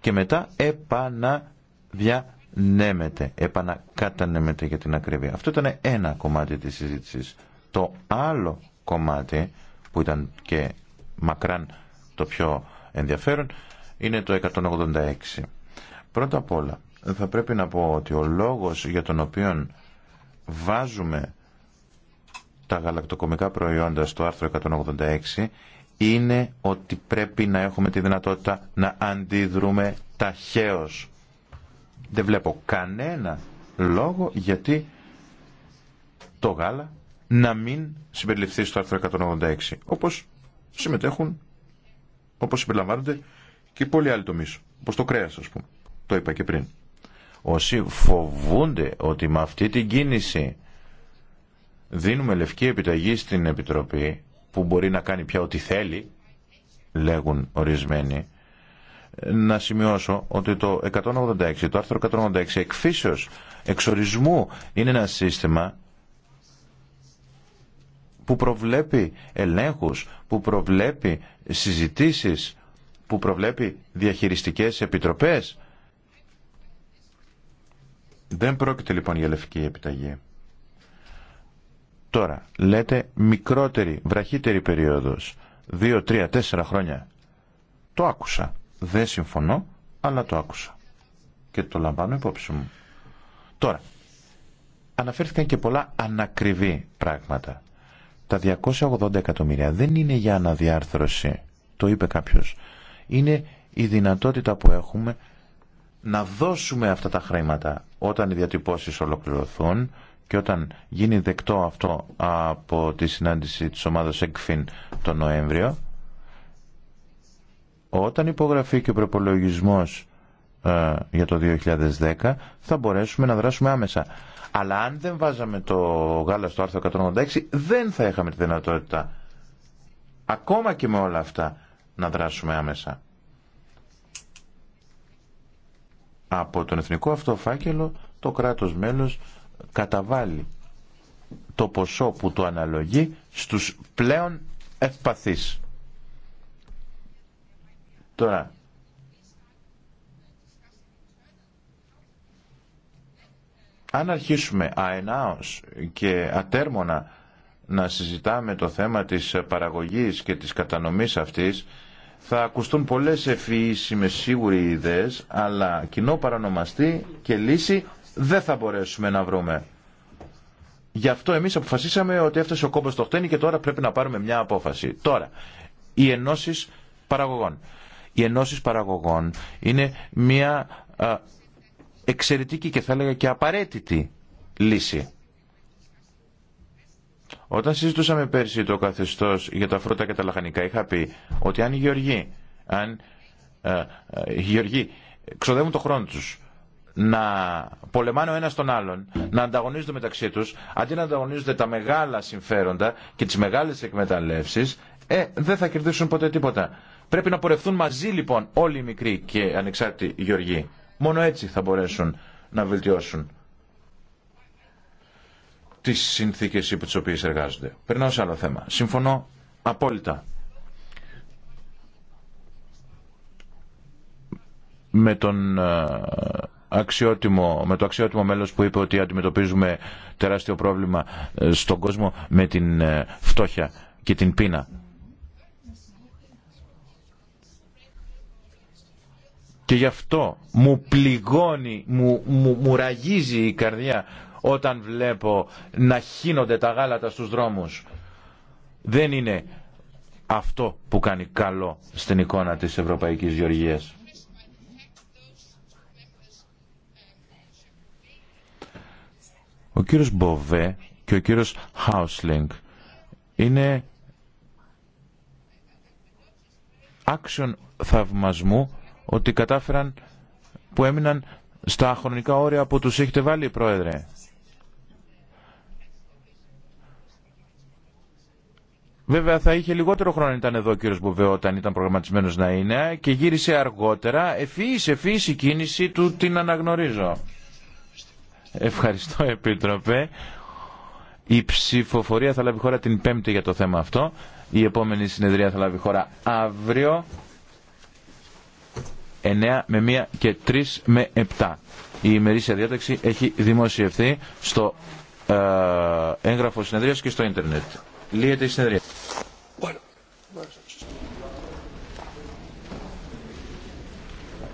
και μετά επαναδιαφέρει νέμεται, επανακατανέμεται για την ακριβή. Αυτό ήταν ένα κομμάτι της συζήτησης. Το άλλο κομμάτι που ήταν και μακράν το πιο ενδιαφέρον είναι το 186. Πρώτα απ' όλα θα πρέπει να πω ότι ο λόγος για τον οποίο βάζουμε τα γαλακτοκομικά προϊόντα στο άρθρο 186 είναι ότι πρέπει να έχουμε τη δυνατότητα να αντιδρούμε ταχαίως δεν βλέπω κανένα λόγο γιατί το γάλα να μην συμπεριληφθεί στο άρθρο 186, όπως συμμετέχουν, όπως συμπεριλαμβάνονται και πολλοί άλλοι τομείς, όπως το κρέας ας πούμε, το είπα και πριν. Όσοι φοβούνται ότι με αυτή την κίνηση δίνουμε λευκή επιταγή στην Επιτροπή που μπορεί να κάνει πια ό,τι θέλει, λέγουν ορισμένοι, να σημειώσω ότι το 186, το άρθρο 186 εκφύσεως εξορισμού είναι ένα σύστημα που προβλέπει ελέγχους, που προβλέπει συζητήσεις, που προβλέπει διαχειριστικές επιτροπές. Δεν πρόκειται λοιπόν για λευκή επιταγή. Τώρα, λέτε μικρότερη, βραχύτερη περίοδος, δύο, τρία, τέσσερα χρόνια. Το άκουσα. Δεν συμφωνώ, αλλά το άκουσα και το λαμβάνω υπόψη μου. Τώρα, αναφέρθηκαν και πολλά ανακριβή πράγματα. Τα 280 εκατομμύρια δεν είναι για αναδιάρθρωση, το είπε κάποιος. Είναι η δυνατότητα που έχουμε να δώσουμε αυτά τα χρήματα όταν οι διατυπώσεις ολοκληρωθούν και όταν γίνει δεκτό αυτό από τη συνάντηση της ομάδας ΕΚΦΙΝ τον Νοέμβριο όταν υπογραφεί και ο προπολογισμό ε, για το 2010 θα μπορέσουμε να δράσουμε άμεσα. Αλλά αν δεν βάζαμε το γάλα στο άρθρο 186 δεν θα είχαμε τη δυνατότητα ακόμα και με όλα αυτά να δράσουμε άμεσα. Από τον εθνικό αυτό φάκελο το κράτος μέλος καταβάλει το ποσό που του αναλογεί στους πλέον ευπαθείς. Τώρα, αν αρχίσουμε αενάως και ατέρμονα να συζητάμε το θέμα της παραγωγής και της κατανομής αυτής, θα ακουστούν πολλές ευφυΐσιμες σίγουροι ιδέες, αλλά κοινό παρανομαστή και λύση δεν θα μπορέσουμε να βρούμε. Γι' αυτό εμείς αποφασίσαμε ότι έφτασε ο κόμπος στο χτένι και τώρα πρέπει να πάρουμε μια απόφαση. Τώρα, οι ενώσει παραγωγών οι ενώσεις παραγωγών είναι μια εξαιρετική και θα έλεγα και απαραίτητη λύση. Όταν συζητούσαμε πέρσι το καθεστώς για τα φρούτα και τα λαχανικά είχα πει ότι αν οι γεωργοί, αν, ξοδεύουν το χρόνο τους να πολεμάνε ο ένας τον άλλον, να ανταγωνίζονται μεταξύ τους, αντί να ανταγωνίζονται τα μεγάλα συμφέροντα και τις μεγάλες εκμεταλλεύσεις, ε, δεν θα κερδίσουν ποτέ τίποτα. Πρέπει να πορευθούν μαζί λοιπόν όλοι οι μικροί και ανεξάρτητοι γεωργοί. Μόνο έτσι θα μπορέσουν να βελτιώσουν τι συνθήκες υπό τι οποίε εργάζονται. Περνάω σε άλλο θέμα. Συμφωνώ απόλυτα με τον ε, αξιότιμο, με το αξιότιμο μέλος που είπε ότι αντιμετωπίζουμε τεράστιο πρόβλημα ε, στον κόσμο με την ε, φτώχεια και την πείνα. Και γι' αυτό μου πληγώνει, μου, μουραγίζει ραγίζει η καρδιά όταν βλέπω να χύνονται τα γάλατα στους δρόμους. Δεν είναι αυτό που κάνει καλό στην εικόνα της Ευρωπαϊκής Γεωργίας. Ο κύριος Μποβέ και ο κύριος Χάουσλινγκ είναι άξιον θαυμασμού ότι κατάφεραν που έμειναν στα χρονικά όρια που τους έχετε βάλει, Πρόεδρε. Βέβαια θα είχε λιγότερο χρόνο ήταν εδώ ο κύριος Μποβέ όταν ήταν προγραμματισμένος να είναι και γύρισε αργότερα. Ευφύης, ευφύης η κίνηση του την αναγνωρίζω. Ευχαριστώ Επίτροπε. Η ψηφοφορία θα λάβει χώρα την Πέμπτη για το θέμα αυτό. Η επόμενη συνεδρία θα λάβει χώρα αύριο. 9 με 1 και 3 με 7. Η ημερήσια διάταξη έχει δημοσιευθεί στο ε, έγγραφο συνεδρίας και στο ίντερνετ. Λύεται η συνεδρία.